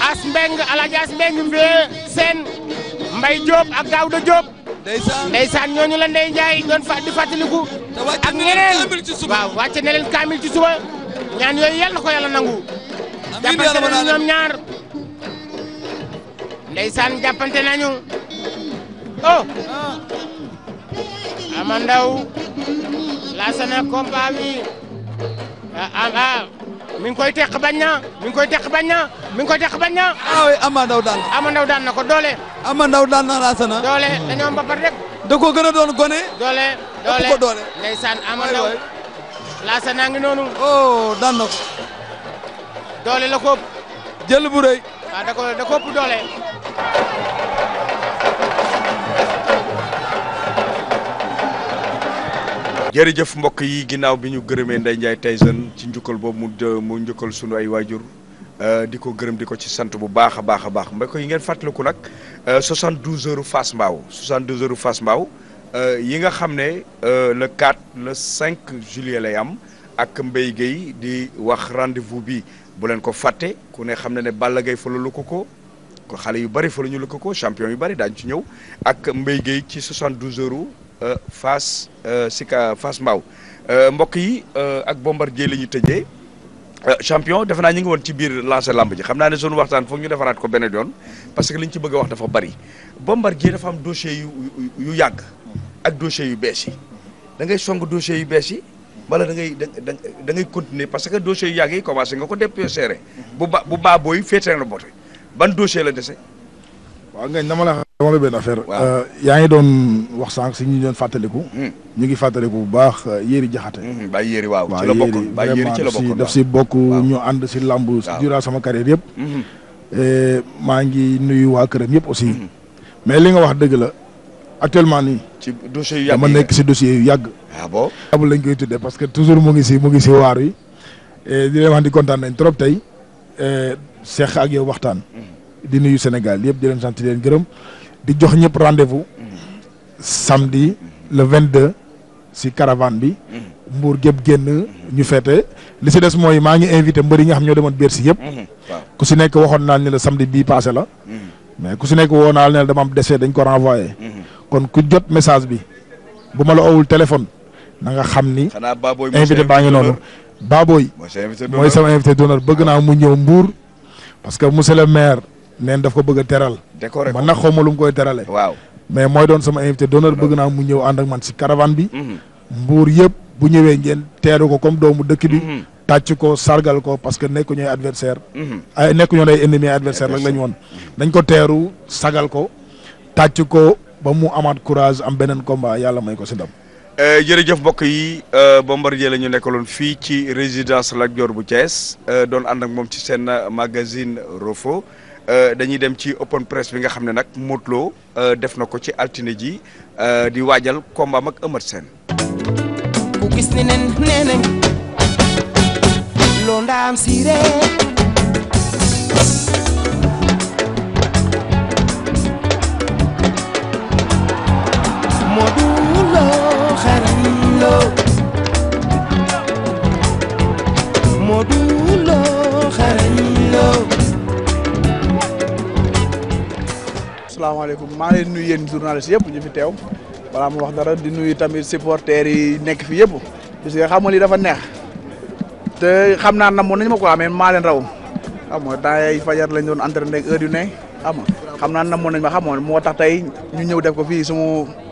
As Mbeng Alaaji As Mbeng mbee seen Mbay Diop ak Daouda Diop ndeysaan ñooñu la Ndey Ndiaye doon fa di fàttaliku ak ñeneen waaw wàcce na leen kaamil ci suba ñaan yooyu yàlla ko yàlla nangu. jàppante nañu ñoom ñaar. jàppante nañu. oh. Ah. Ama Ndaw laasana combat bi ah, ah ah mi ngi koy teq bañ na mi ngi koy teq bañ na mi ngi koy teq bañ na. ah oui Ama Ndaw daan na. Ama Ndaw na ko doole. Ama Ndaw na laasana. doole dañoo mbapat rek. da koo gën a gone. doole doole ëpp ko doole. ndeysaan Ama laasa naa ngi noonu. oh daan na ko. doole la ko. jël bu rëy. da ko ëpp doole. jërëjëf mbokk yi ginnaaw bi ñu gërëmee Ndeye Ndiaye Tyson ci njukkal boobu mu mu njukkal sunu ay waajur euh, di ko gërëm di ko ci sant bu baax a baax a baax mbokk yi ngeen fàttaliku nag 72 euh, heures Fass Mbao 72 heures Fass Mbao. Euh, yi nga xam ne euh, le 4 le cinq juillet lay am ak Mbaye Guèye di wax rendez-vous bi bu leen ko fàtte ku ne xam ne ne Balla gay fa la lu ko ko ko xale yu bari fa la ñu lu ko ko champion yu bëri daañu ci ñëw ak Mbaye Guèye ci 72 heures euh, Fass Sika Fass Mbao mbokk yi ak Bombardier la ñu tëjee champion defe naa ñu ngi woon ci biir lancé lamb ji xam naa ne sunu waxtaan foog ñu defaraat ko beneen yoon parce que li ñu ci bëgg a wax dafa bëri Bombardier dafa am dossier yu yàgg. ak dossiers yu bees yi da ngay song dossiers yu bees yi wala da ngay da da ngay continuer parce que dossiers yu yàgg yi commencé nga ko dépérer mhm. bu ba bu baa booy féetee la bote ban dossier la dese. waaw ngañ dama la dama la benn affaire. Euh, yaa ngi doon wax sànq si ñu doon fàttaliku. Hmm. ñu ngi fàttaliku bu baax euh, Yéri Jaxate. Hmm, hmm, Baye Yéri waaw ci la bokkoon Baye Yéri ci la si bokk ñu ànd si làmb. si durant sama carrière yëpp. Euh, maa ngi nuyu waa këram yëpp aussi. mais li nga wax dëgg la. actuellement nii. ci dossier yu yàgg dama nekk si dossier yu yàgg. Ah, ah bon. lañ koy tuddee parce que toujours mu ngi si mu ngi si waar yi eh, di leen wax di kontaan nañ trop tey eh, seex ak yow waxtaan. Mm. di nuyu Sénégal yëpp di leen sant di gërëm di jox ñëpp rendez-vous. la mm. le 22 si caravane bi. Mm. mbuur gépp génn ñu feete li si des mooy maa ngi invité mbër yi nga xam ñoo demoon Bercy yëpp. Mm-hmm. ku si nekk waxoon naa ne la samedi bii passé la. Mm-hmm. mais ku si nekk woo naa ne la dama am décès dañ ko renvoyé. Mm-hmm. kon ku jot message bi bu ma la owul téléphone na xam ni. xanaa Baboy invité baa ngi noonu. Baboy mooy sama invité d'honneur bëgg naa mu ñëw Mbour. parce que monsieur le maire neen daf ko bëgg a teral. décoré man nag xaw ma lu mu koy terale waaw mais mooy doon sama invité d'honneur bëgg naa mu ñëw ànd ak man si caravane bi. Mhm. Mbour yëpp bu ñëwee ngeen teeru ko comme doomu dëkk bi. Mhm. tàcc ko sargal ko parce que nekk ñooy adversaire mhm. ay nekk ñoo ay ennemi adversaire rek la ñu woon. dañ ko teeru sagal ko ba mu amaat courage am beneen combat yàlla may ko si ndam. Eh, jërëjëf mbokk yi eh, Bombardier la ñu nekkaloon fii ci résidence Lat Dior bu cees eh, doon ànd ak moom ci seen magazine Rofo dañuy dem ci open press bi nga xam ne nag Modou def na ko ci altine ji di waajal combat ak Eumeu Sène. ku gis ne nen nee loo ndaam si ree Modou Lo maa leen nuyu yéen journaliste yëpp ñu fi teew balaa mu wax dara di nuyu tamit supporters yi nekk fi yëpp parce que xam nga lii dafa neex te xam naa namoon nañ ma ko amee maa leen raw xam nga fajar lañ doon entraîné heure yu ne xam nga xam naa na namoon nañ ma xamoon moo tax tey ñu ñëw def ko fii sumu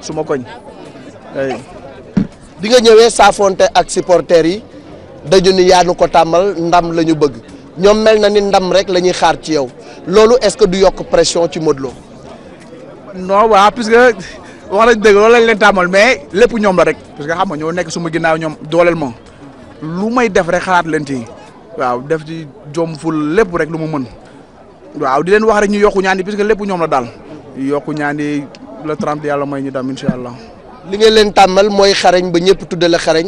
suma koñ bi nga ñëwee saafonte ak supporters yi dañu ni yaanu ko tàmbal ndam la ñu bëgg ñoom mel na ni ndam rek la ñuy xaar ci yow loolu est-ce que du yokk pression ci Modou Lo waa waaw puisque wax lañ dëgg loolu lañ leen tàmmal mais lépp ñoom la rek parce que xam nga ñoo nekk suma ginnaaw ñoom dooleel moom lu may def rek xalaat leen ci waaw def ci jom ful lépp rek lu mu mën waaw di leen wax rek ñu yokku ñaan yi parce que lépp ñoom la daal yokku ñaan le 30 yàlla may ñu dam incha allah. li ngeen leen tàmmal mooy xarañ ba ñëpp tuddale xarañ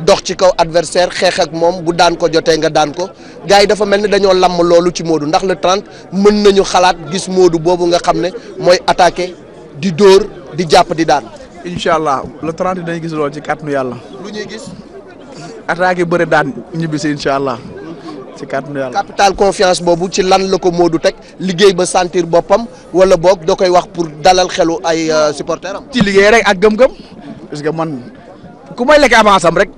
dox ci kaw adversaire xeex ak moom bu daan ko jotee nga daan ko gars yi dafa mel ni dañoo lamm loolu ci Modou ndax le 30 mën nañu xalaat gis Modou boobu nga xam ne mooy attaque di dóor di jàpp di daan. incha allah le 30 dañuy gis loolu ci kàttanu yàlla. lu ñuy gis. attaqué bëri daan ñibbisi incha allah. ci kàttanu yàlla confiance boobu ci lan la ko Modou teg liggéey ba sentir boppam wala boog da koy wax pour dalal xelu ay euh, supporters ci liggéey rek ak gëm-gëm parce que man ku may lekk avance am rek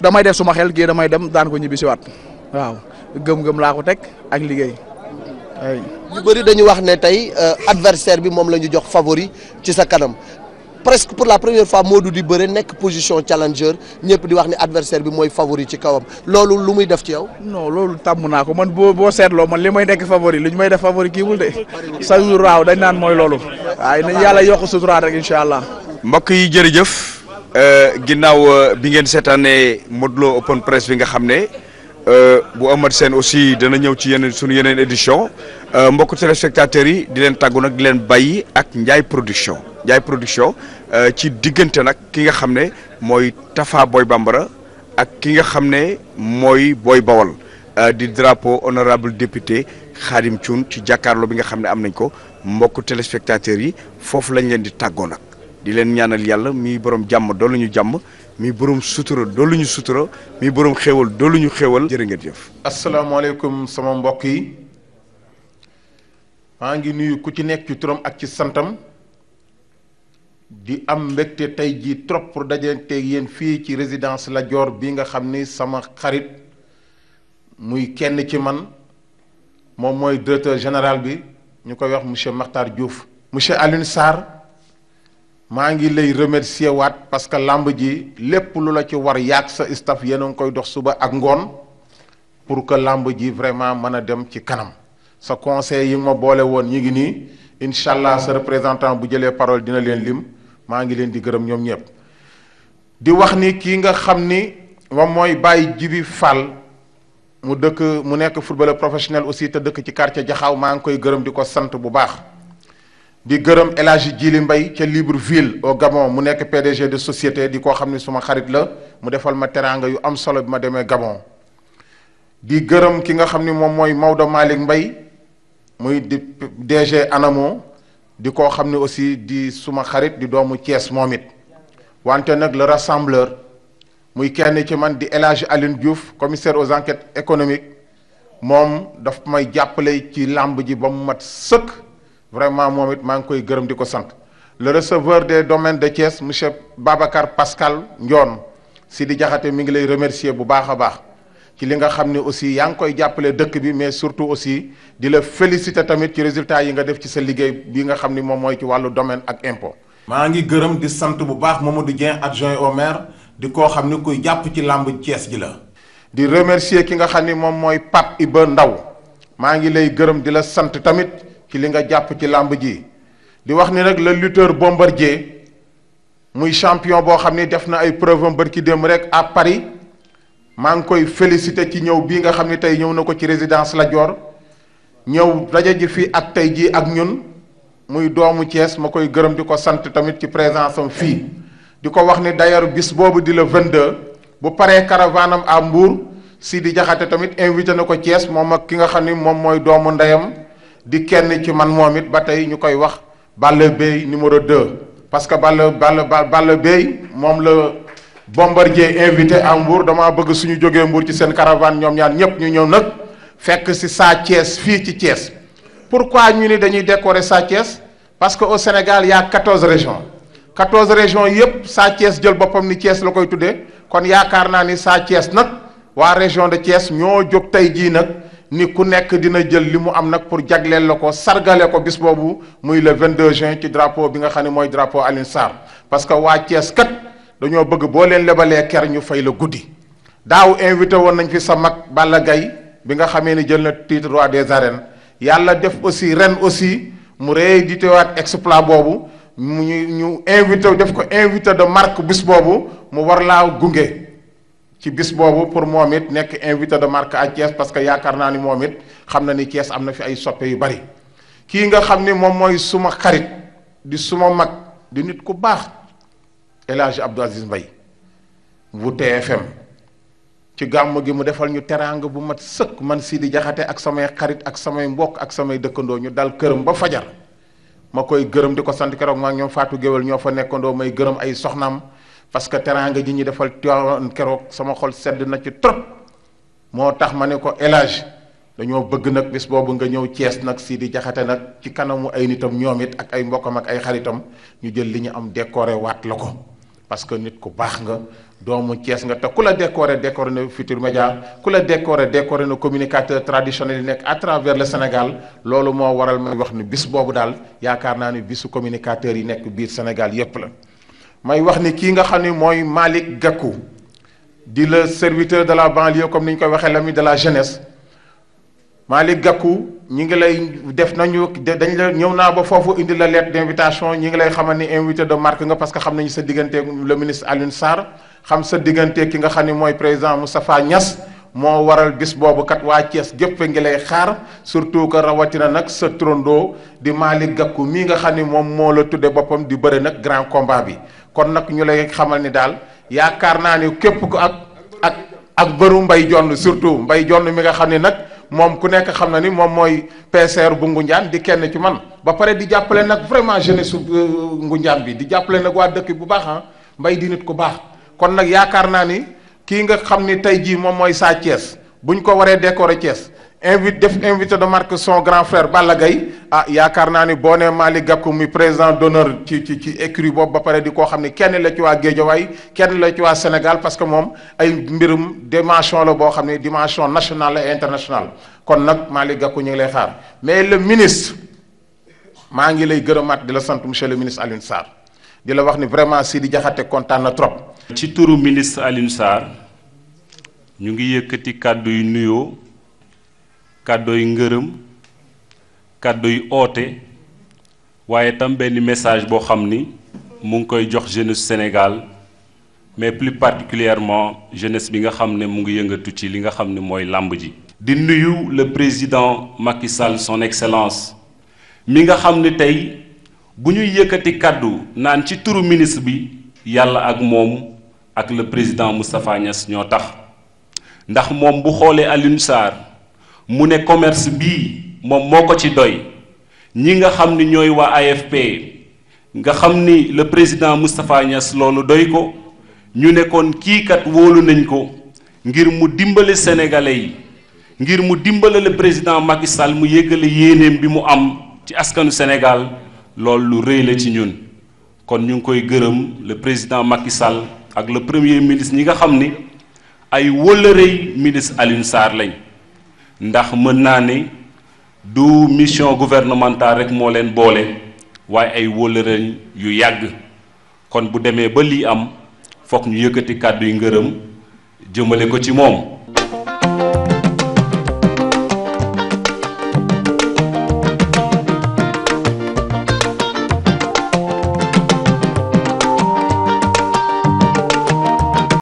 damay def suma xel gii damay dem daan ko ñibbi si waat waaw gëm-gëm laa ko teg ak liggéey. ay ñu bëri dañu wax ne tey euh, adversaire bi moom la ñu jox favori ci sa kanam presque pour la première fois Modou di bëre nekk position challenger ñëpp di wax ni adversaire bi mooy favori ci kawam loolu lu muy def ci yow. non loolu tàmm naa ko man boo boo seetloo man li may nekk favori li ñu may def favori kiiwul de sa raaw dañ naan mooy loolu. waaye nañ yàlla yokk sutura rek incha allah. mbokk yi jërëjëf euh, ginnaaw euh, bi ngeen seetaanee Modou Lo open press bi nga xam ne. Euh, bu amat seen aussi dana ñëw ci yeneen suñu yeneen édition mbokk téléspectateurs yi di leen tàggu nag leen bàyyi ak Ndiaye Production Ndiaye production euh, ci diggante nag ki nga xam ne mooy Tafa Boy Bambara ak ki nga xam ne mooy Boy Bawol euh, di drapeau honorable député Khadim Thioune ci jàkkaarloo bi nga xam ne am nañ ko mbokku téléspectateurs yi foofu lañ leen di tàggoo nag di leen ñaanal yàlla mii borom jàmm doolu ñu jàmm mi borom sutura doolu ñu sutura mi borom xéewal doolu ñu xéewal jërë ngeen jëf. asalaamaaleykum sama mbokk yi maa ngi nuyu ku ci nekk ci turam ak ci santam. di am mbégte tey jii trop pour dajanteeg yéen fii ci résidence la joor bi nga xam ni sama xarit muy kenn ci man moom mooy directeur général bi ñu koy wax monsieur Makhtar Diouf. monsieur Alioune Sarr maa ngi lay remercier waat parce que làmb ji lépp lu la ci war yaag sa staff yéen a ngi koy dox suba ak ngoon pour que làmb ji vraiment mën a dem ci kanam sa conseil yi ma boole woon ñi ngi nii. incha allah sa représentant bu jëlee parole dina leen lim maa ngi leen di gërëm ñoom ñëpp di wax ni kii nga xam ni moom mooy bàyyi Jibi Fall mu dëkk mu nekk footballeur professionnel aussi te dëkk ci quartier Jaxaaw maa ngi koy gërëm di ko sant bu baax di gërëm El jiili mbay ca libre Libreville au Gabon mu nekk PDG de société di koo xam ni suma xarit la mu defal ma teraanga yu am solo bi ma demee Gabon di gërëm ki nga xam ni moom mooy Maodo Malick Mbaye muy di DG Anamo di koo xam ne aussi di suma xarit di doomu Thiès moom it wante nag la rassembleur muy kenn ci man di El Hadj Aline Diouf commissaire aux enquêtes économiques moom daf may jàppale ci làmb ji ba mu mat sëkk vraiment moom it maa ngi koy gërëm di ko sant le receveur de domaines de Thiès monsieur Babacar Pascal Ndion si di jaxate mi ngi lay remercier bu baax a baax ci li nga xam ni aussi yaa ngi koy jàppale dëkk bi mais surtout aussi di la féliciter tamit ci résultat yi nga def ci sa liggéey bi nga xam ni moom mooy ci wàllu domaine ak impôt. maa ngi gërëm di sant bu baax moom Mamadou Dieng adjoint au maire di koo xam ni kuy jàpp ci làmb cees ji la. di remercier ki nga xam ni moom mooy Pape Iba Ndaw maa ngi lay gërëm di la sant tamit ci li nga jàpp ci làmb ji di wax ni nag le lutteur Bombardier muy champion boo xam ni def na ay preuve am bërki dem rek à Paris. maa ngi koy félicité ci ñëw bii nga xam ne tey ñëw na ko ci résidence la Dior ñëw daje ji fii ak tey jii ak ñun muy doomu Thiès ma koy gërëm di ko sant tamit ci présence am fii di ko wax ni d'ailleurs bis boobu di le 22 bu paree caravane am à Mbour Sidi Diakhaté tamit invité na ko Thiès moom ak ki nga xam ni moom mooy doomu ndeyam di kenn ci man moom it ba tey ñu koy wax Balla Bèye numéro 2 parce que Balla Balla Balla moom la. Bombardier invité à Mbour damaa bëgg suñu jógee Mbour ci seen caravane ñoom ñaan ñëpp ñu ñëw nag fekk si Sa Thiès fii ci Thiès pourquoi ñu ni dañuy décorer Sa Thiès parce que au Sénégal y a 14 régions 14 régions yëpp Sa jël boppam ni Thiès la koy tuddee kon yaakaar naa ni Sa Thiès nag waa région de Thiès ñoo jóg tey jii nag ni ku nekk dina jël li mu am nag pour jagleen la ko sargale ko bis boobu muy le 22 juin ci drapeau bi nga xam ne mooy drapeau Alioune Sarr parce que waa Thiès kat. dañoo bëgg boo leen lebalee ker ñu fay la guddi daaw invité woon nañ fi sa mag Balla Gaye bi nga xamee ni jël na titre roi des arènes yàlla def aussi ren aussi mu réédité waat exploit boobu mu ñu ñu invité def ko invité de marque bis boobu mu war laa gunge ci bis boobu pour moom it nekk invité de marque ak Thiès parce que yaakaar naa ni moom it xam na ni Thiès am na fi ay soppe yu bari kii nga xam ni moom mooy suma xarit di suma mag di nit ku baax El Hadj Abdou Aziz Mbaye bu TFM ci gàmm gi mu defal ñu teraanga bu mat sëkk man Sidi Jaxate ak samay xarit ak samay mbokk ak samay dëkkandoo ñu dal këram ba fajar ma koy gërëm di ko sant keroog maa ñoom Fatou Géwél ñoo fa nekkandoo may gërëm ay soxnaam parce que teraanga ji ñu defal Tiwaawan keroog sama xol sedd na ci trop moo tax ma ne ko El dañoo bëgg nag bis boobu nga ñëw Cees nag Sidi Jaxate nag ci kanamu ay nitam ñoom it ak ay mbokkam ak ay xaritam ñu jël li ñu am décoré waat la ko parce que nit ku baax nga doomu Cees nga te ku la décoré décoré na Futurs Médias ku la décoré décoré na communicateur traditionnel yi nekk à travers le Sénégal loolu moo waral may wax ni bis boobu daal yaakaar naa ni bisu communicateur yi nekk biir Sénégal yépp la may wax ni kii nga xam ni mooy Malick Gakou di le serviteur de la banlieue comme ni ñu koy waxee l'ami de la jeunesse Malick Gakou ñi ngi lay def nañu de dañ la ñëw naa ba foofu indi la lettre d'invitation ñi ngi lay xamal ni invité de marque nga parce que xam nañu sa diggante le ministre Alioune Sarr xam sa diggante ki nga xam ni mooy président Moustapha Niass moo waral bis boobu kat waa Thiès gépp ngi lay xaar surtout que rawatina nag sa trondoo di Malick Gakou mii nga xam ni moom moo la tudde boppam di bëri nag grand combat bi kon nag ñu lay xamal ni daal yaakaar naa ni képp ko ak ak ak bëru mbay jonn surtout mbay jonn mi nga xam ni nag moom ku nekk xam na ni moom mooy PCR bu Ngoundiane di kenn ci man ba pare di jàppale nag vraiment jeunesse su euh, Ngoundiane bi di jàppale nag waa dëkk bu baax ah mbay di nit ku baax kon nag yaakaar naa ni kii nga xam ni tey jii moom mooy Sa Thiès bu ñu ko waree décorer Thiès invite def invité de marque son grand frère Balla Gaye ah yaakaar naa ni boo nee Malick Gakou mi président d'honneur ci ci ci écurie boobu ba pare di koo xam ne kenn la ci waa Géejawaay kenn la ci waa Sénégal parce que moom ay mbirum dimension la boo xam ne dimension nationale et internationale kon nag Malick Gakou ñu ngi lay xaar mais la ministre maa ngi lay gërëmaat di la sant monsieur le ministre Alioune Sarr di la wax ni vraiment Sidi Diakhaté kontaan na trop. ci turu ministre Alioune Sarr ngi yëkkati kàddu yu nuyoo. kàddooy ngërëm kàddu kàddooy oote waaye tam benn message boo xam ni mu ngi koy jox jeunesse Sénégal mais plus particulièrement jeunesse bi nga xam ne mu ngi yëngatu ci li nga xam ne mooy làmb ji. di nuyu le président Macky Sall son excellence mi nga xam ne tey bu ñuy yëkkati kàddu naan ci turu ministre bi yàlla ak moom ak le président Moustapha Niass ñoo tax ndax moom bu xoolee Alioune Sarr. mu ne commerce bii moom moo ko ci doy ñi nga xam ni ñooy waa AFP nga xam ni le président Moustapha Niass loolu doy ko ñu nekkoon kon kii kat wóolu nañ ko ngir mu dimbale sénégalais yi ngir mu dimbale la président Macky Sall mu yëggale yéeneem bi mu am ci askanu Sénégal loolu lu rëy la ci ñun kon ñu ngi koy gërëm le président Macky Sall ak le premier ministre ñi nga xam ni ay wëllërey ministre Alioune Sarr lañ. ndax mën naa ni du mission gouvernementale rek moo leen boole waaye ay wóllëreñ yu yàgg kon bu demee ba lii am foog ñu yëkkati kàddu yu ngërëm jëmale ko ci moom